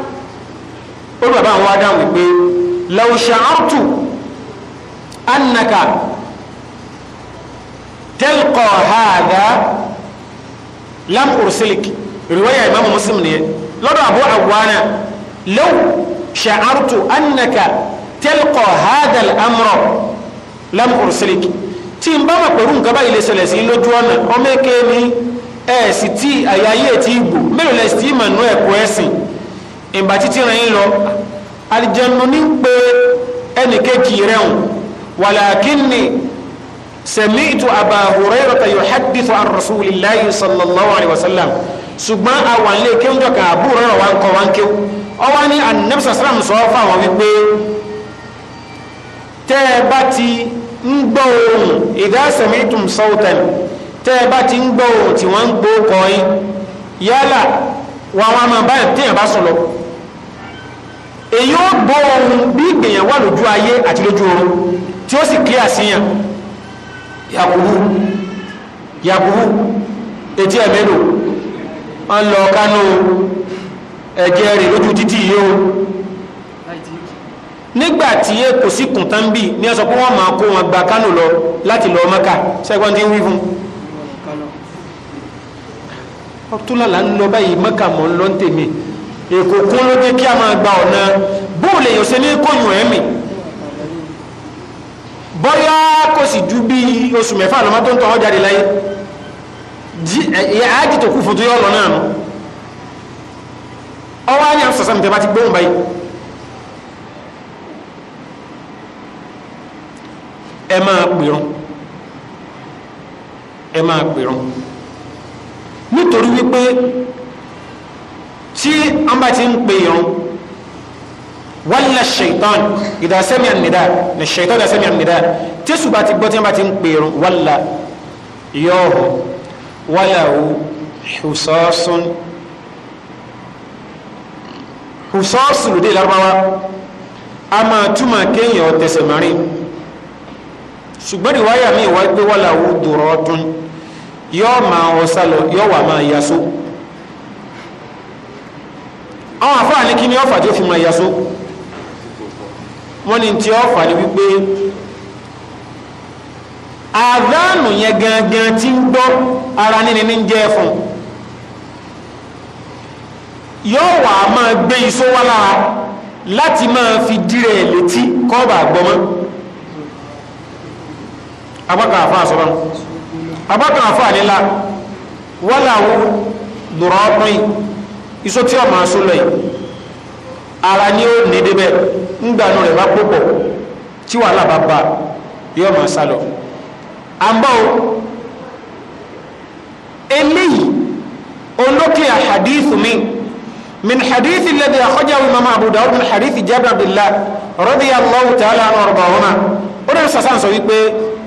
olú bàbá àwọn adáhùn wípé law sha'artu annaka talqa hadha lam ursilik riwaya imam muslim ni lọ́dọ̀ abu awana law sha'artu annaka talqa hadha al-amra lam tí n bá ma pẹ̀lú nǹkan báyìí lè ṣẹlẹ̀ sí lójú ọ̀nà ọmọ èké ni ẹ̀ẹ̀sì tí àyàyé ti gbò mélòó lẹ̀ sí ìmọ̀ nú ẹ̀kọ́ ẹ̀sìn ìgbà títí rẹ̀ ń lọ alìjẹnu ní pé ẹnì kejì rẹ̀ hùn wàlàkínni sẹ̀mí ìtò àbà Hurairata yuhaddithu an rasulillahi sallallahu alayhi wa sallam ṣùgbọ́n àwọn ilé kéwùjọ kan àbúrò rẹ̀ wà ń kọ́ wá ń kéwù ọwọ́ ní anabisa sàrám sọ fáwọn wípé tẹ́ ẹ bá ti ń gbọ́ ohùn idha sami'tum sawtan tẹ́ ẹ bá ti ń gbọ́ ohùn tí wọ́n ń gbọ́ kọ́ yín yálà wà wọn máa báyìí téèyàn bá sùn lọ èyí ó gbọ́ ohùn bí ìgbìyàn wà lójú ayé àti lójú oorun tí ó sì kílíà síyàn yakubu yakubu etí ẹ̀ mélòó wọ́n lọ kánú ẹ̀jẹ̀ rẹ̀ lójú títì yìí o nígbàtí e kò sí kùntàn bíi ní ẹ pé wọ́n máa kó wọn gba kánò lọ láti lọ Mẹ́kà ṣẹ́gbọ́n tí ń wí fún un ọtúlàlà ń lọ báyìí mẹ́kà mọ́ ń lọ ń tèmi èkó kún ló dé kí a máa gba ọ̀nà bóòlù èèyàn ṣe ní kóyún ẹ̀mí bọ́yá kò sì ju bí oṣù mẹ́fà lọ́mọ tó ń tọ́ ọjà dé láyé àájì tó kú fún tó yọ ọ̀nà náà nù ọwọ́ á ní àwọn sàṣàmì tẹ́ bá ti gbóhùn báyìí ẹ máa pèrún ẹ máa pèrún nítorí wípé tí an bá ti ń pè yàn wala shaitan idha sami'a an-nida ni shaitan idha sami'a an-nida tẹ́sù bá ti gbọ́ tí an bá ti ń pè yàn wala yọ̀ọ̀hù walahu husasun husasun lòdì lárúbáwá a máa túmọ̀ kéèyàn tẹsẹ̀ mọ́rin ṣùgbọ́n ìwáyà mi ìwáyé pé walahu duratun yóò máa ọsá lọ yóò wà máa yasó àwọn àfáà ní kí ni ọfà tí ó fi máa yasó wọ́n ní tí ọfà ní wípé àdánù yẹn gangan tí ń gbọ́ ara nínú ní jẹ́ fún yóò wà máa gbé iṣó wá lára láti máa fi dírẹ̀ létí kọ́ọ̀bà gbọ́mọ́ apá kan àfáà sọ́rọ́ abákan àfa nílá wọ́n làwọn dùrọ̀ ọ̀pìn iṣó tí ọmọ aṣọ lọ yìí ara ni ó ní débẹ̀ ńgbànú rẹ̀ bá púpọ̀ tí wàhálà bá bá yọ ọmọ aṣá eléyìí olókè àhàdíìsù mi من حديث الذي أخرجه الإمام أبو داود من حديث جابر بن الله رضي الله تعالى عنه وأرضاهما ó dẹ̀ sàṣà ń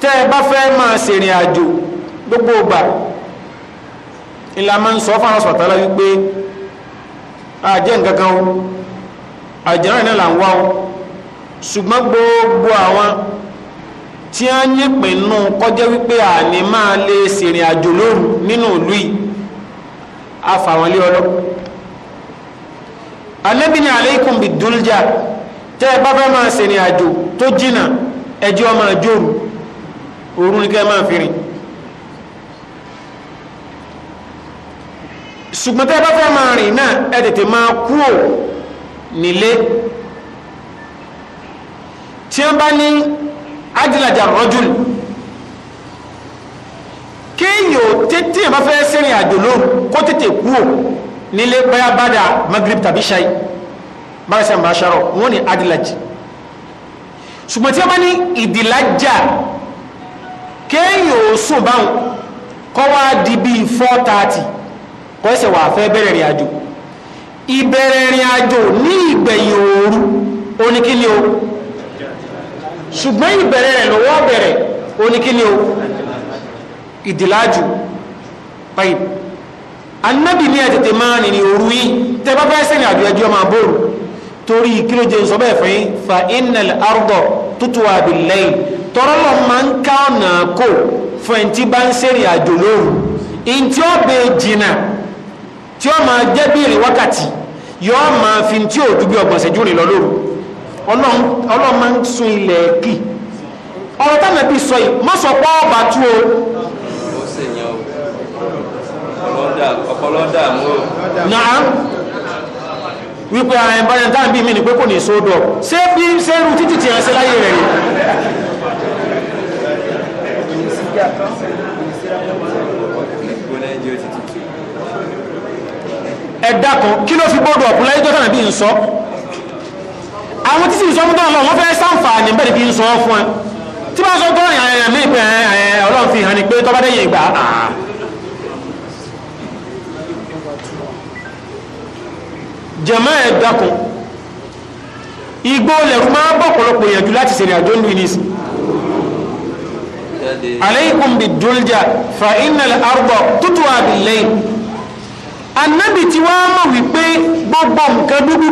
tẹ́ ẹ bá fẹ́ máa ṣèrìn àjò gbogbo ìgbà ìlà máa ń sọ fáwọn sọ̀tàlá wípé àjẹ́ nǹkan kan o àjẹ́rán náà là ń wá o ṣùgbọ́n gbogbo àwọn tí a ń yẹ̀pẹ̀ nù kọjá wípé àní máa lè ṣèrìn àjò lóru nínú ìlú yìí afàwọn lé ọlọ́ alẹ́bìnrin aleikum bidulja tẹ́ ẹ bá fẹ́ máa ṣèrìn àjò tó jìnnà ẹjọ́ máa jóru òru ni kẹ́ máa fi rìn ṣùgbọ́n tẹ́ bá fẹ́ máa rìn náà ẹ tètè máa kúò nílé tí wọ́n bá ní ajílajà rọ́jùl kéèyàn ò tètè bá fẹ́ sẹ́rìn àjò lóru kó tètè kúò nílé báyà bàdà magrib tàbí ṣáì báyà sẹ́yìn bá wọ́n ní ajílajà ṣùgbọ́n tí wọ́n bá ní ìdìlájà kéèyàn ò sùn báwọn kọ́ wá di bíi four thirty kọ́ ẹsẹ̀ wà fẹ́ bẹ̀rẹ̀ rìn àjò ìbẹ̀rẹ̀ rìn àjò ní ìgbẹ̀yìn òru oníkílẹ̀ o ṣùgbọ́n ìbẹ̀rẹ̀ rẹ̀ lọ́wọ́ bẹ̀rẹ̀ oníkílẹ̀ o ìdìlájù báyìí anábì ní ẹ̀tẹ̀tẹ̀ máa nìní òru yìí tẹ́ bá fẹ́ sẹ́yìn àjò ẹjọ́ máa bóòrù torí kílódé sọ bẹ́ẹ̀ fún yín fa innal ardo tutwa bil layl tọ́rọ́ lọ máa ń ká ọ̀nà kò fún ẹni tí bá ń sẹ́rìn àjò lóru in tí ó bẹ jìnnà tí ó máa jẹ́ bí ìrìn wákàtí yóò máa fi tí ò dúbí ọgbọ̀n ṣẹ́jú rìn lọ lóru ọlọ́run máa ń sun ilẹ̀ kì ọ̀rọ̀ táwọn ẹbí sọ yìí má sọ pé ọba tú o. ọpọlọ dààmú o wípé ah, ẹ̀bọ̀n tá à ń bí mi ní pé kò ní sódọ̀ ṣé bí sẹ́rù títì tí ẹ̀ ń ṣe láyé rẹ̀ rí. ẹ̀dá kan kí ló fi gbọ́dọ̀ ọ̀pùn láyé tọ́tàn bí n sọ àwọn títí ìsọmú tó lọ wọ́n fẹ́ sáǹfààní bẹ́ẹ̀ fi ń sọ fún ẹ tí wọ́n sọ tó ẹ̀yàn ẹ̀yàn mí pé ọlọ́run fi hàn ní pé tọ́bádẹ́yìn ìgbà àà ah, jẹ̀mọ́ ẹ̀ dákun igbó lẹ̀rú máa bọ̀ pọ̀lọpọ̀ ìyànjú láti ṣèrìn àjò ní ìnísì aleikum bi dulja fa innal arda tutwa bil layl ti wá mọ̀ wípé gbogbo nǹkan dúdú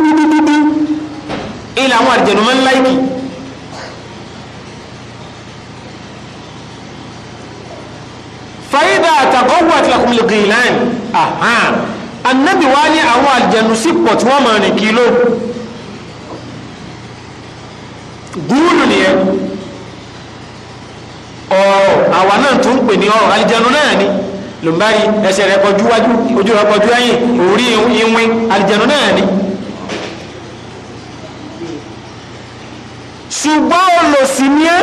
ilẹ̀ àwọn àjẹ̀nù máa ń láìkì fàyídà àtàkọ́wọ́ àtìlàkùnlẹ̀ gìlán àhán annabi wá ní àwọn àjẹ̀nù sí pọ̀ tí wọ́n máa kí ló gúúlù nìyẹn ọ̀rọ̀ àwa náà tó ń pè ní ọ̀rọ̀ àjẹ̀nù náà ni lùmbárí ẹsẹ̀ rẹ̀ kọjú wájú ojú rẹ̀ kọjú ẹ̀yìn orí ìwìn àjẹ̀nù náà ni ṣùgbọ́n olòsì ni ẹ́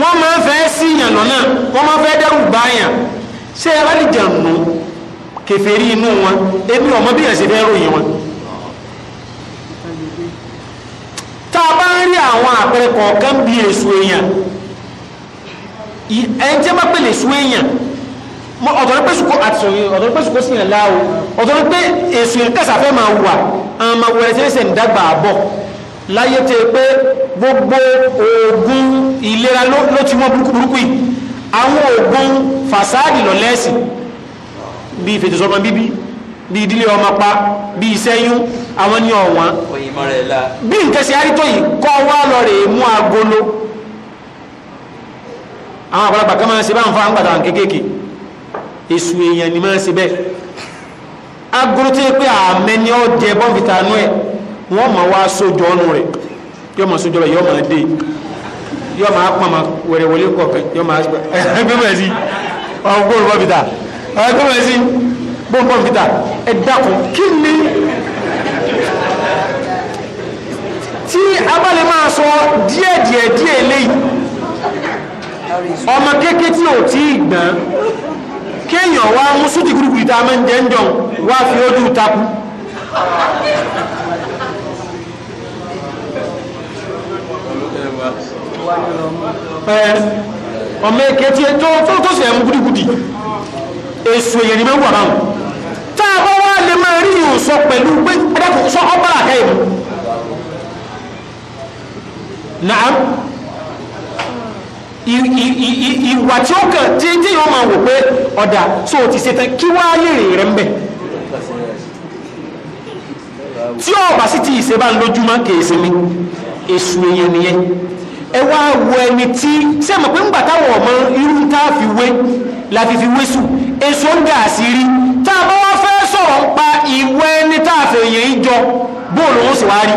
wọ́n máa fẹ́ síyàn lọ́nà wọ́n máa fẹ́ dẹ́rù báyàn ṣé alìjànù kèfèrí inú wọn ebi ọmọ bí ẹ̀sìn fẹ́ ròyìn wọn tá a bá ń rí àwọn àpẹẹrẹ kọ̀ọ̀kan bí èso èèyàn ẹni tí a bá pèlè èso èèyàn ọ̀tọ̀ pé sùkó àtìsọ̀yìn ọ̀tọ̀ pé sùkó síyàn láàwọ̀ ọ̀tọ̀ pé èso yẹn kẹsà fẹ́ máa wà àmà wẹ̀rẹ̀ tí ẹ̀sẹ̀ ń dàgbà àbọ̀ láyé tẹ pé gbogbo oògùn ìlera ló ti wọ́n burúkú burúkú yìí àwọn ogun fàsáàdì lọ lẹ́sìn bí ìfètòsọ́mọ bíbí bí dílé ọmọ pa bí ìṣẹ́yún àwọn ní ọ̀wọ́n bí nkẹsì arító yìí kọ́ wá lọ mú agolo àwọn àgbàlagbà kan máa ń bá ń fa àwọn esu èsù èèyàn ni máa ń se bẹ́ẹ̀ agolo tí pé àmẹ́ ọ́ jẹ bọ́ǹfìtà nú ẹ̀ wọ́n máa wá sójọ́ yọ máa pọ̀ mọ́ wẹ̀rẹ̀wẹ̀lẹ̀ kọ̀ọ̀kan yọ máa (laughs) gbé mọ̀ sí ọgọ́rùn bọ́bìtà ọgọ́rùn mọ̀ sí bọ́bọ̀n bọ́bìtà ẹ dákun kí ni tí a bá lè máa sọ díẹ̀díẹ̀ díẹ̀ léyìí ọmọ kéèké tí ò tí ì gbọ́n kéèyàn wá mú sútì gúrúgúrú tá a máa ń jẹ́ ń jọun wá fi ojú takú ọmọ èké tí tó tó sì ẹ̀mú gúdígúdí èsù èyàn ni mẹ́wàá ráhùn tá a bá wá lè máa rí yóò sọ pẹ̀lú pé ẹ̀dẹ́kùn sọ ọba àkẹ́ ìlú náà ìwà tí ó kàn tí tí yóò máa wò pé ọ̀dà tó ti ṣe tán kí wá lè rìn rẹ̀ ń bẹ̀ tí ọba sì ti ìṣe bá ń lójúmọ́ kèé sí mi èsù èyàn nìyẹn ẹ wá wo ẹni tí ṣé mọ̀ pé ń gbàtàwọ̀ ọmọ irú tá a fi wé la fi fi wé sù èso ń dà sí rí tá a bá wá fẹ́ sọ̀rọ̀ pa ìwé ẹni tá a fẹ́ yẹn jọ bóòlù ó sì wá rí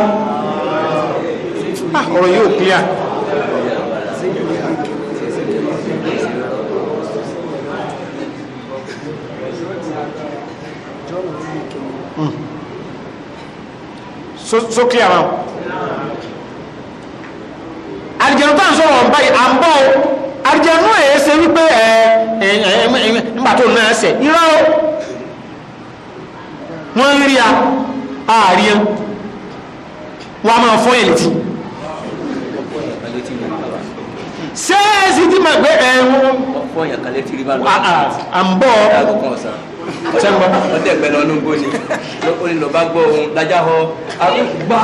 ah, ọ̀rọ̀ yóò clear. Hmm. so so clear now àlìjẹ̀nu tá à ń sọ̀rọ̀ ọ̀n báyìí à ń bọ̀ o àlìjẹ̀nu ẹ̀ ṣe wípé ẹ̀ ẹ̀ ẹ̀ nígbà tó náà ṣẹ̀ irọ́ o wọ́n rí a ààrí wọn a máa fọ́ ẹ̀ létí ṣé ẹ sì ti máa gbé ẹ̀ wọ́n à ń bọ̀ sẹ́gbọ́ ọtẹ ẹgbẹ́ lọ lóńgbò ó ní lọ́ọ́ bá gbọ́ ohun lájà họ gbà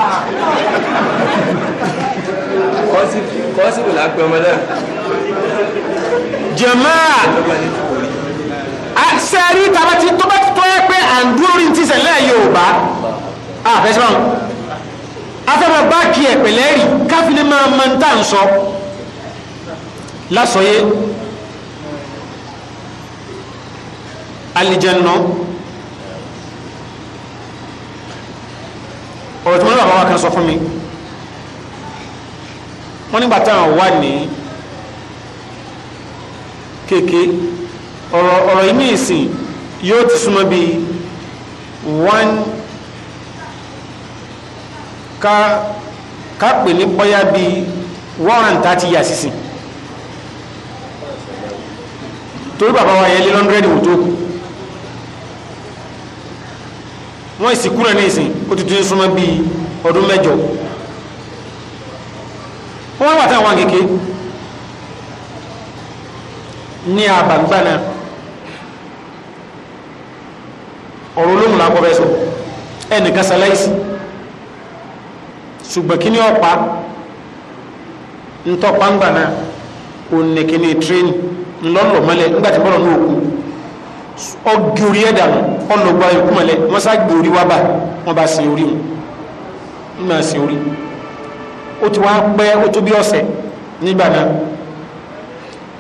kọ́sìbù lápẹ́ ọmọ náà. jẹ̀máà sẹ́ẹ̀rí tàbá ti tó bá ti tọ́ ẹ pé à ń dúró rí ti sẹ̀lẹ̀ Yorùbá àfẹ́sọ́n afẹ́mọ̀ bá kí ẹ̀ pẹ̀lẹ́ rí káfílẹ̀ máa ma ń tà ń sọ lásọyé alìjẹ̀nà ọ̀rọ̀ tí wọ́n lọ́wọ́ kan sọ fún mi wọ́n nígbà táwọn wà ní kéèké ọ̀rọ̀ ọ̀rọ̀ yìí ní ìsìn yóò ti súnmọ́ bíi one ká ká pè ní bóyá bíi one and thirty years sísìn torí bàbá wa yẹn lé lọ́ndrẹ́dì wò tó kù wọ́n ìsìnkú rẹ̀ ní ìsìn ó ti tún súnmọ́ bíi ọdún mẹ́jọ. wọ́n wà táwọn kéke ní ọ̀rọ̀ olóhùn sọ ni ọ̀pá onekene tírẹ́nì ńlọ́lọ́ mọ́lẹ̀ ńgbà tí ọgẹ orí ẹ̀dà ọlọ́gbà ikú mọ́lẹ̀ wọ́n sá gbé orí wá wọ́n bá sin orí ń máa sin orí ó ti wá pẹ́ ó tó bí ọ̀sẹ̀ nígbà náà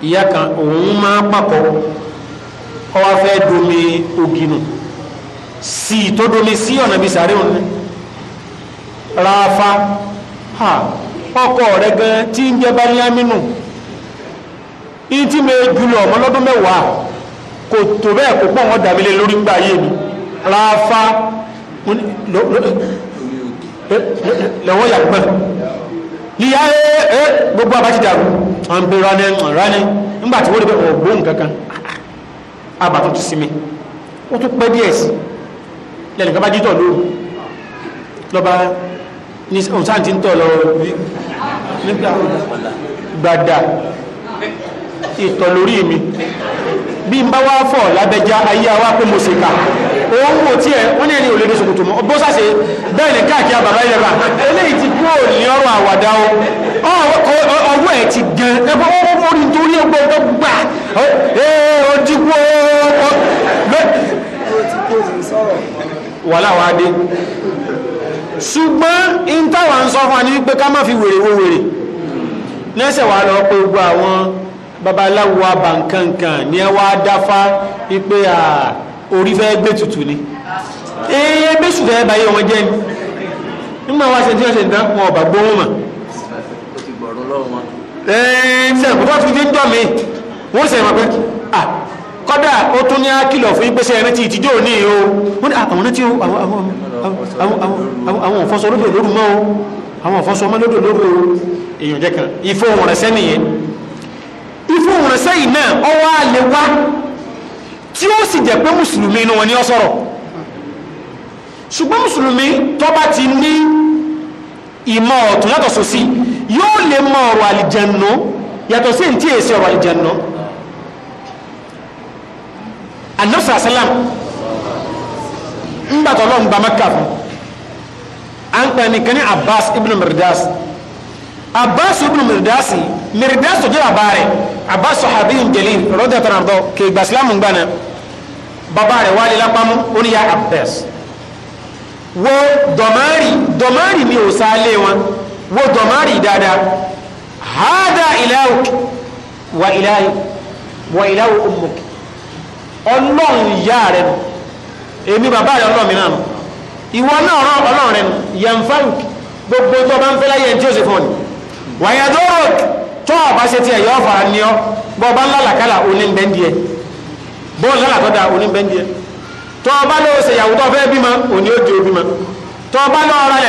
ìyá kan òun máa pàkọ́ ọ wá fẹ́ domi ògìnù sí i tó domi sí ọ̀nà sàárè òun ọkọ rẹ gan tí ń jẹ báyámínú ní tí mi jùlọ ọmọ lọ́dún mẹ́wàá kò tó bẹ́ẹ̀ kó lórí gbà yé mi ìyá ẹ eh, eh, gbogbo àbájídàrú ọ̀nbí rani rani nígbàtí wọ́n lè bẹ́ ọ̀gbóhùn kankan àbàtún ti sinmi ó tún pẹ́ díẹ̀ sí lẹ́nìkan bá jítọ̀ lóru lọ́ba ní ọ̀sán ti ń tọ̀ lọ nígbà gbàdà ìtọ̀ lórí mi bí n bá wá fọ̀ lábẹ́já ayé pé mo kà òun wò tí ẹ wọ́n ní ẹni ò lè ní ṣòkòtò mọ́ bó sáṣe bẹ́ẹ̀ ní káàkiri àbàbá ilẹ̀ bá eléyìí ti kúrò ní ọrọ̀ àwàdà o ọwọ́ ẹ̀ ti gan ẹgbẹ́ wọ́n mú orí torí ẹgbẹ́ ọgbẹ́ gbà ee o ti kú o wàhálà wa dé ṣùgbọ́n intawa ń sọ fún wa ní wípé ká má fi wèrè wo wèrè lẹ́sẹ̀ wa lọ pé gbogbo àwọn babaláwo abankankan ni ẹ wá dáfá wípé àà orí bẹ́ẹ̀ gbé tutù ni èyí méṣù fẹ́ báyé wọn jẹ́ ni nígbà wá ṣe tí wọ́n ṣe ìdá wọn ọ̀bà gbóhùn mà. ṣe ìgbọ́dọ̀ fi dé dọ̀ mí wọ́n ṣe ìmọ̀ pé kọ́dà ó tún ní àkìlọ̀ fún ìgbésẹ̀ ẹ̀rẹ́ ti ìtìjọ́ òní o wọ́n ní àwọn tí àwọn òfọ́sọ lódò lóru mọ́ o àwọn òfọ́sọ ọmọ lódò lóru o èèyàn jẹ́ kan ìfowórẹsẹ́ nìyẹn ìfowórẹsẹ́ yìí náà ọwọ́ àlewá tí ó sì jẹ́ pé mùsùlùmí inú wọn ni ó sọ̀rọ̀ ṣùgbọ́n mùsùlùmí tó bá ti ní ìmọ̀ ọ̀tún yàtọ̀ sósì yóò lè mọ ọ̀rọ̀ àlìjẹ̀nù yàtọ̀ sí ní tí èsì ọ̀rọ̀ àlìjẹ̀nù anọ́sà sálàm ńgbàtọ̀ lọ́n gba mẹ́kà fún à ń pẹ́ nìkan ní Abbas ibn Mirdas Abbas ibn Mirdas Mirdas tó jẹ́ bàbá rẹ̀ abbas sahabi jalil rọ́dẹ̀ tó nàdọ́ kì í gba sílámù gbà náà bàbá rẹ̀ wálé lápámú ó ní ya abbas wo dọ̀márì dọ̀márì mi ò sálé wọn wo dọ̀márì dáadáa hada ilahu wa ilahi wa ilahu ummuk ọlọ́run ìyá rẹ̀ nù èmi bàbá mi náà nù náà rán ọlọ́run rẹ̀ nù yanfaruk gbogbo tó bá ń fẹ́ láyé ẹni tí tọ́ ọ̀bá ṣe ti ẹ̀yọ́ ọ̀fà ni ọ́ ọba ńlálàkálà oníbẹ̀ndìẹ bọ́ ńlálàtọ́dà oníbẹ̀ndìẹ tọ́ ọba ló fẹ́ bímọ òní ó di obìmọ tọ́ ọba ló ni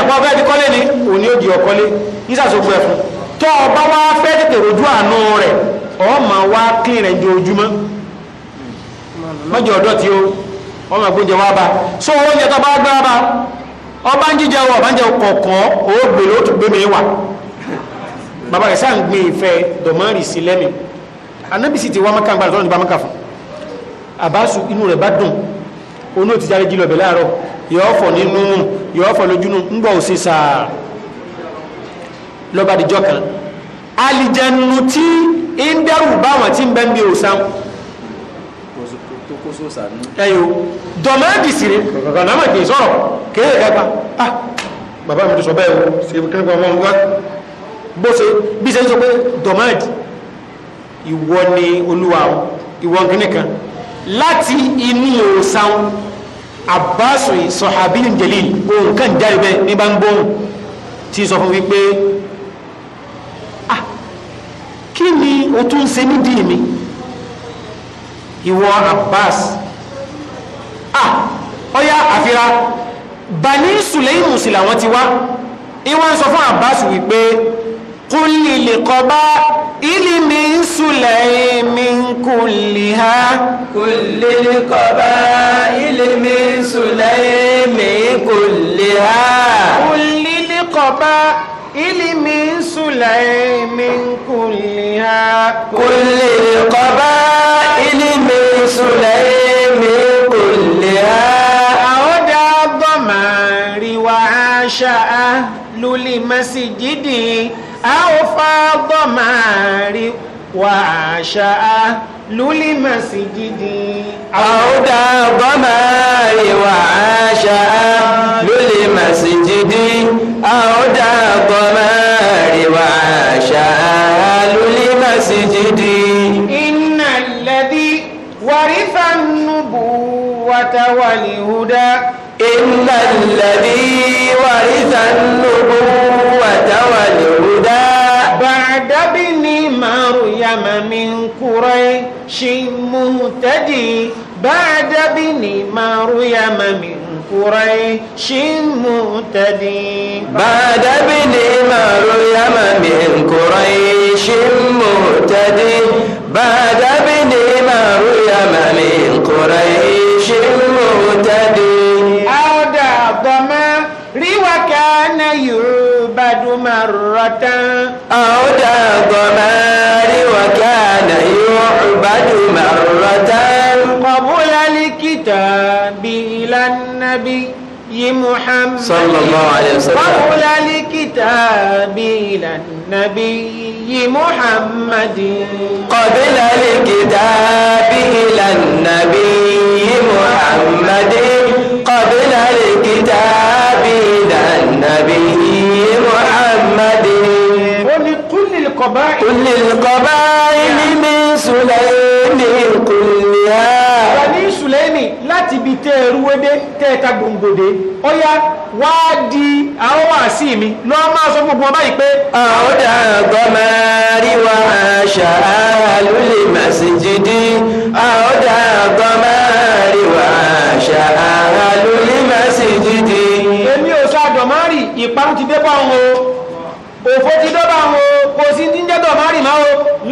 òní ó di ọ̀kọ́lé ọba wá fẹ́ tètè rojú àánú rẹ̀ ọmọ wá kí rẹ̀ di ojúmọ́ ọ̀dọ́ bàbá rẹ̀ sáà ń gbé ìfẹ́ dọ̀mọ́rì sí lẹ́mìí anábì sì ti wá mọ́kà gbàdúrà nípa mọ́kà fún àbáṣu inú rẹ̀ bá dùn onú ti jáde jílọ̀ bẹ̀ láàárọ̀ yọ̀ọ́ fọ̀ nínú yọ̀ọ́ fọ̀ lójúnú ń gbọ́ òsì sàá lọ́ba dìjọ́ kan alìjẹnu tí ń dẹ́rù báwọn tí ń bẹ́ ń bí òsàn ẹ̀yọ́ dọ̀mọ́dì sí rẹ̀ kọ̀kọ̀kọ̀ náà bó ṣe bí ṣe ń sọ pé domad ìwọ ni olúwa ìwọ nǹkan láti inú òòsàn Abbas sọ̀hábí jẹ̀lìl ohun kan jáde bẹ́ẹ̀ ní bá ń gbóhùn tí sọ fún wípé ah, kí ni o tún ń ṣe nídìí mi ìwọ Abbas ah ọyá àfira Bani Sulaimu sì làwọn ti wá ìwọ́n sọ fún Abbas wípé قل لقضاء من سليم من كلها كل لقبائل من سليم من كلها كل لقبائل من سليم من كلها كل لقبائل من سليم من كلها أودع الضمار وعاش أهل المسجد أو فاض ماري وعشاء لولي مسجدي أو داض ماري وعشاء لولي مسجدي أو داض ماري وعشاء لولي مسجدي إن الذي ورث النبوة والهدى إن الذي ورث النبوة وتولى الهدى بعد ابن مريم من قريش مهتدي بعد ابن مريم من قريش مهتدي بعد ابن مريم من قريش مهتدي بعد ابن مريم من قريش مرة أو كضمار وكان يعبد مرة قبل الكتاب إلى النبي محمد صلى الله عليه وسلم قبل الكتاب إلى النبي محمد قبل الكتاب إلى النبي محمد قبل الكتاب إلى النبي القبائل كل القبائل من سليم كلها بني سليم láti bi tẹ́ ẹrú wédé tẹ́ ẹ̀ta gbòǹgbòdé ó yá wá di àwọn wà sí mi lọ́ máa sọ gbogbo ọba yìí pé. àwòdà àgọ́mà ríwá àṣà àlùlé màsíjìdí àwòdà àgọ́mà ríwá àṣà àlùlé màsíjìdí. èmi ò sá dọ̀mọ́rì ti dé bá wọn o ti dé bá wọn kò sí tí ń jẹ́ dọ̀má rì máa o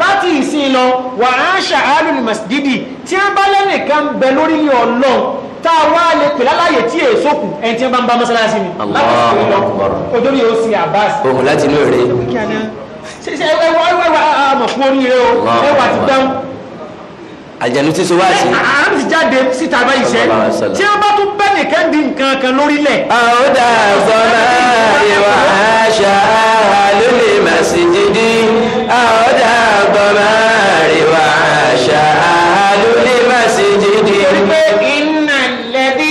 láti ìsìn lọ wà á ṣàálù ní masjidi tí wọ́n bá lẹ́nìkan bẹ lórí ilé ọlọ́run tá wá lè pè láláyè tí èè sókù ẹni tí wọ́n bá ń bá mọ́sálásí ni láti ìsìn lọ odori yóò sin abbas. ohun láti inú rẹ. ṣe ti dáhùn. àjẹnú ti so wá sí àọ́dà bọ̀mà àríwá àṣà àlùlé má sì jíjì. pé iná lẹ́bí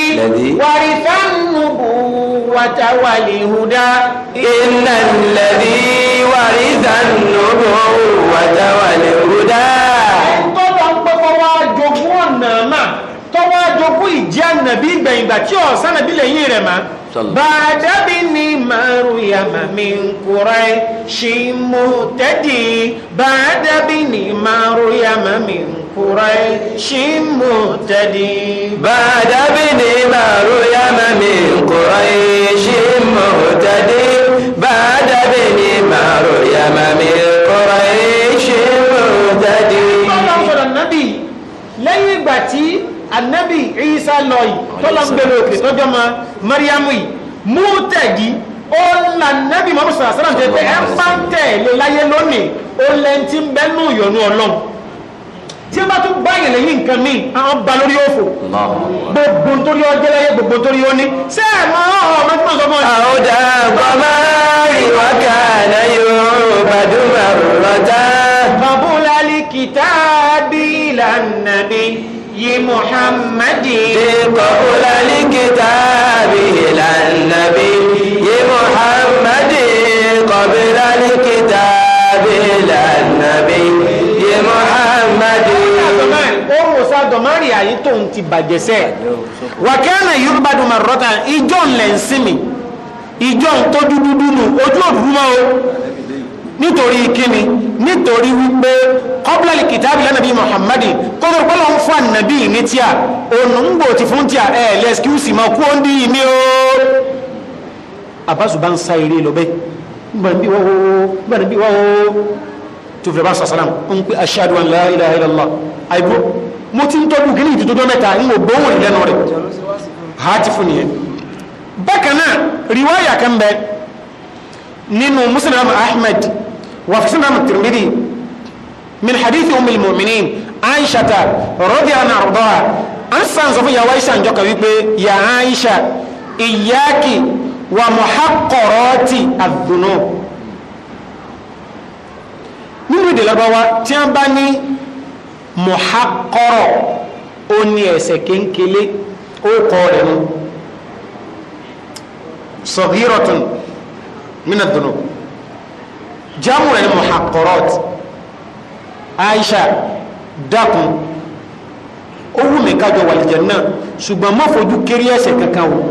wàrí sánúbù wàtàwàlì hùdá. iná ànàbí gbẹ̀yìngbà tí ọ̀ sànàbí lẹ́yìn rẹ̀ mọ́. bàdàbí ni màrúyàmà mi ń kúrẹ́ ṣì mú tẹ́dì bàdàbí ni màrúyàmà mi ń kúrẹ́ ṣì mú tẹ́dì. bàdàbí ni màrúyàmà mi ń kúrẹ́ ṣì mú tẹ́dì bàdàbí ni màrúyàmà mi ń kúrẹ́ ṣì mú tẹ́dì. ọlọ́run sọ̀rọ̀ nábì lẹ́yìn ìgbà tí anabi isa lọ́yìn tọ́lá ń bẹ̀rẹ̀ òkè tọ́jọ́ ma mariamu yìí mú tẹ̀dí ó la nabi muhammad sallallahu alaihi wasallam tẹ pé ẹ bá ń tẹ̀lé láyé lónìí ó lẹ́ntì ń bẹ́ nù yọ̀nù ọlọ́run tí a bá tún báyìí lẹ́yìn nǹkan míì àwọn ba lórí òfò gbogbo nítorí ọjọ́ láyé gbogbo nítorí ó ní ṣé ẹ mọ ọmọ tí mo sọ fún ọ. àwọn ọ̀dà bàbá ìwà kàdá yóò bàdúrà rọ̀tà. bàbá lálẹ́ kìtàbí lànà bíi. محمد قبل الكتاب إلى النبي محمد قبل الكتاب إلى النبي محمد oòrùn sa dọ̀márì ti bàjẹ́ sẹ́ wàkẹ́rẹ̀ yorùbá dùnmà rọ́ta ìjọ́ ńlẹ̀ ń sinmi ìjọ́ ń tó dúdú dúnú ojú òdúdú o nítorí kíni nítorí wípé kọ́bílẹ̀lì kìtàbí lánàbí Muhammadi kọ́bílẹ̀ pọ́lọ̀ ń fún ànàbí ní tíà ònùngbò ti fún tíà ẹ̀ lẹ́skúsì máa kú ó ń dí ní o àbáṣù bá ń sa eré lọ bẹ́ gbàǹbí wáwó gbàǹbí wáwó tó fẹ́ bá sọ sálám ń pé ashhadu an la ilaha illallah mo ti ń tọ́jú kí ní ìtútọ́ mẹ́ta ń wò gbóhùn ìlẹ́nu rẹ̀ ha ti fún nìyẹn bákan náà rìwáyà kan bẹ́ẹ̀ nínú muslim ahmed wa fisnam tirmidhi min hadithi umil mu'minin aisha ta rọ́dí àná àrùbọ́à an sàn sọ fún yàwó aisha njọ́ kan wípé ya aisha iyaki wa muhaqqarati adh nínú èdè lọ́gbọ́wá tí wọ́n bá ní muhaqqara ó ní ẹ̀ṣẹ̀ kéńkélé ó kọ́ rẹ̀ mú sọ̀gírọ̀tún mina dunub jamu rẹ ni muhaqqarat aisha dákun ó wù mí kájọ wàlìjẹ náà ṣùgbọ́n má fojú kéré ẹ̀ṣẹ̀ kankan o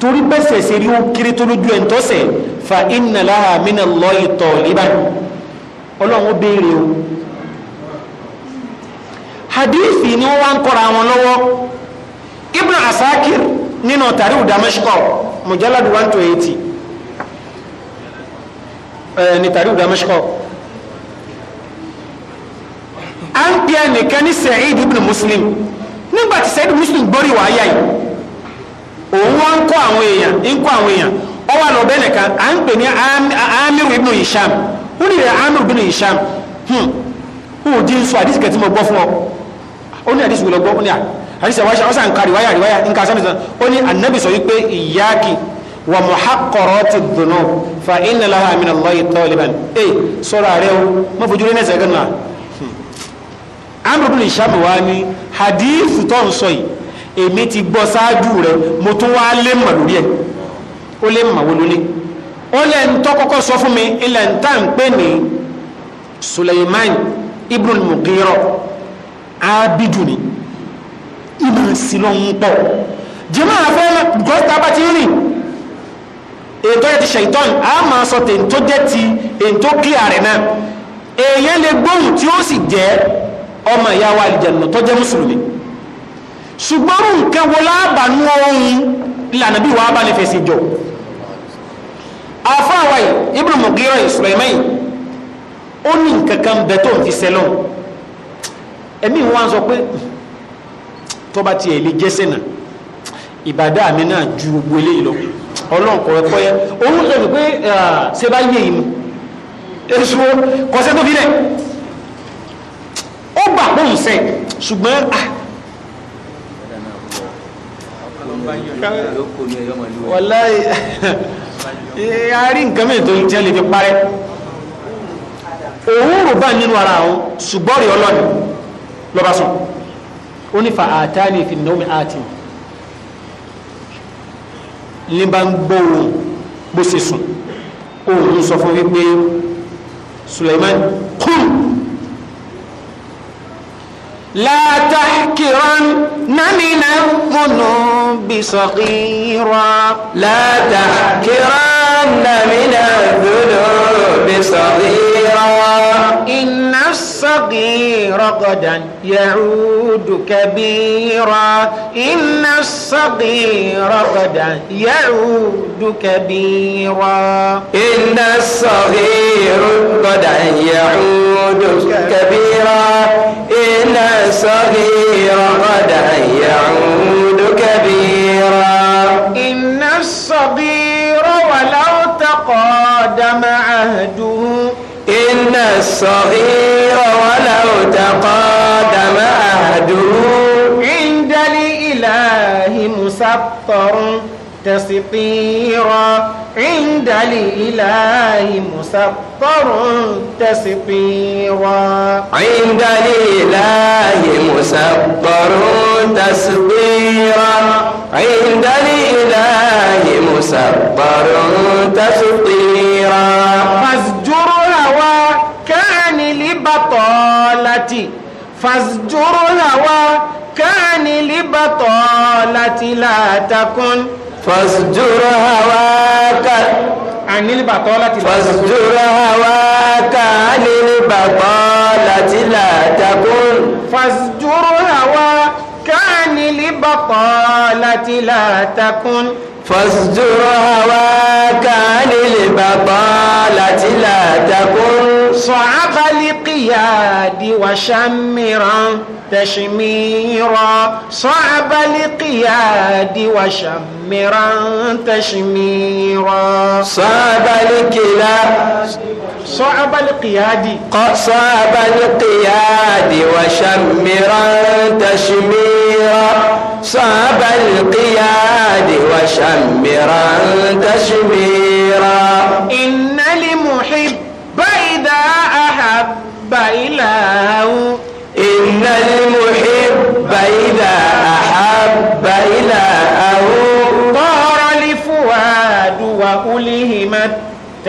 torí bẹ́sẹ̀ ṣe rí ó kéré tó lójú ẹ̀ ń tọ́sẹ̀ fa inna laha minallahi taliban ọlọ́run ó béèrè o hadithi ni wọ́n wá ń kọ́ra wọn lọ́wọ́ ibn asakir nínú tàrí ìdámẹ́ṣkọ̀ mujallad 1 to 80 ní tàríwù damashkọ à ń pè ẹnìkan ní Sa'id ibn Muslim nígbà tí Sa'id ibn Muslim gbórí wàáyà yìí òun wọn ń kọ́ àwọn èèyàn ń kọ́ àwọn èèyàn ọ wà lọ́bẹ̀ nìkan à ń pè ní Amiru ibn Hisham wọ́n ní rẹ̀ Amiru ibn Hisham hmm. ó di nsọ àdìsí kẹtì mọ̀ gbọ́ fún ọ ó ní àdìsí wọlé gbọ́ ó ní àdìsí àwọn aṣáájú ọ̀sán nǹkan àríwáyà àríwáyà nǹkan aṣáájú ó ní ànábì sọ wípé ìyáàkì ومحقرات الذنوب فإن لها من الله طالبا اي سورة عليه ما فجرين سيقنا عمرو بن هشام واني حديث تون سوي èmi ti gbọ́ sáájú rẹ̀ mo tún wá lé mà lórí ẹ̀ ó lé mà wọlé ó lẹ́ ń tọ́ kọ́kọ́ sọ fún mi ilẹ̀ ń tà ń pè ní Suleiman ibn Mughira abiduni ibn silon pọ̀ jimá afẹ́ gọ́ta bá ti rìn ètò yẹ ti ṣèitọ́n a máa sọ tèntó jẹ́ ti ètò kílíà rẹ̀ náà èèyàn lè gbóhùn tí ó sì jẹ́ ọmọ ìyá wa àlìjẹ̀nà tó jẹ́ mùsùlùmí ṣùgbọ́n nǹkan wo lábàánú ohun ìlànà bí wàá bá lè fèsì jọ àfáàwá yìí Ibn Mughira Sulaiman yìí ó ní nǹkan kan bẹ tó ń fi sẹlọ́n ẹ̀mí wọn sọ pé tó bá tiẹ̀ lè jẹ́ sẹ́nà ìbàdá mi náà ju gbogbo eléyìí lọ ọlọ́nkọ̀ ẹ̀kọ́ yẹ òun lè rí pé ṣe bá yé ìmú èso kọ̀ọ̀sẹ́ tó fi rẹ̀ ó gbà pọ̀ ń sẹ́ ṣùgbọ́n wàláyé a rí nǹkan mìíràn tó ń jẹ́ lè fi parẹ́ òun rò bá nínú ara àwọn ṣùgbọ́n rí ọlọ́ni lọ́ba sùn ó ní fa ní bá ń gbọ́ ohun bó ṣe sùn ohun sọ fún wípé Suleiman kún látàkìrán námínà múnú bí sọ̀kìrọ̀ látàkìrán námínà múnú bí sọ̀kìrọ̀. لي رغدا يعود كبيرا إن الصغير قد يعود كبيرا إن الصغير قد يعود كبيرا إن الصغير قد يعود كبيرا إن الصغير ولو تقادم عهده الصغير ولو تقادم أهده عند الإله مسطر تسطيرا عند الإله مسطر تسطيرا عند الإله مسطر تسطيرا عند الإله مسطر تسطيرا فازجرها وكان لبطالة لا تكن فازجر هواك عن البطالة فازجر هواك عن البطالة لا تكن فازجر قالت لا تكن فاصدر وكان عن البطالة لا تكن صعب القياد وشمرا تشميرا صعب القياد وشمرا تشميرا صعب القياد صعب القياد صعب القياد وشمرا تشميرا صعب القياد وشمرا تشميرا إن المحب إذا أحب إله إن المحب إذا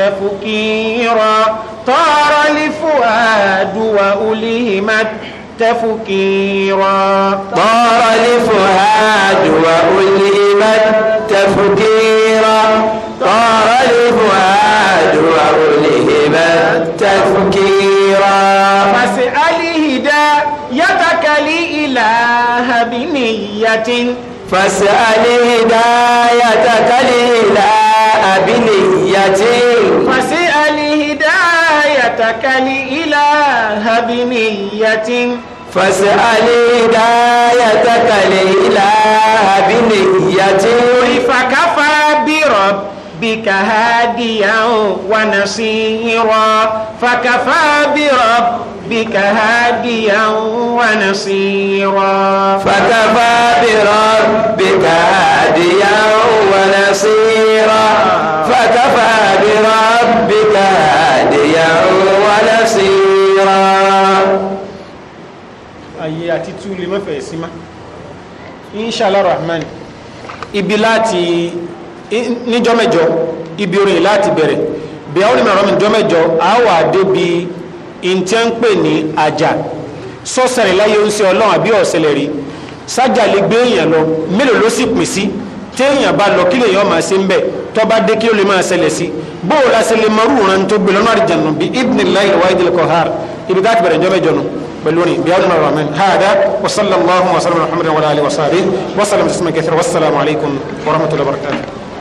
تفكيرا طار الفؤاد وألهمت تفكيرا طار الفؤاد وألهمت تفكيرا طار الفؤاد وألهمت تفكيرا فاسأل هدايتك لإله بنية فاسأل هدايتك لإله بنية فاسأل هدايتك لإله بنية فاسأل هدايتك لإله بنية فكفى بربك هاديا ونصيرا فكفى بربك ربك هاديا ونصيرا فكفى بربك هاديا ونصيرا فكفى بربك هاديا ونصيرا ayé àti tú lè mọ́fẹ̀ sí má inṣàlá rahman ibi láti níjọ́mẹ́jọ ibi orin láti bẹ̀rẹ̀ bí àwọn ìmọ̀ràn mi jọ́mẹ́jọ àá wà débi ntí ń pè ní àjà sọ́sẹ̀rẹ̀ láyé ń ṣe ọlọ́run àbí ọ̀sẹ̀lẹ̀ rí sájà lè gbé èèyàn lọ mélòó ló sì pín sí téèyàn bá lọ kí lèèyàn máa ṣe ń bẹ̀ tó dé kí ló lè máa ṣẹlẹ̀ sí bóò la lè mọ rúùn tó gbé lọ́nà àdìjànù bí ibn ilayi wa idil kohar ibi káàkiri bẹ̀rẹ̀ jọ́mẹ́ jọ́nu pẹ̀lú ní bí alùmọ̀ rahman hada wa sallallahu alaykum wa rahmatulahi wa barakatuh.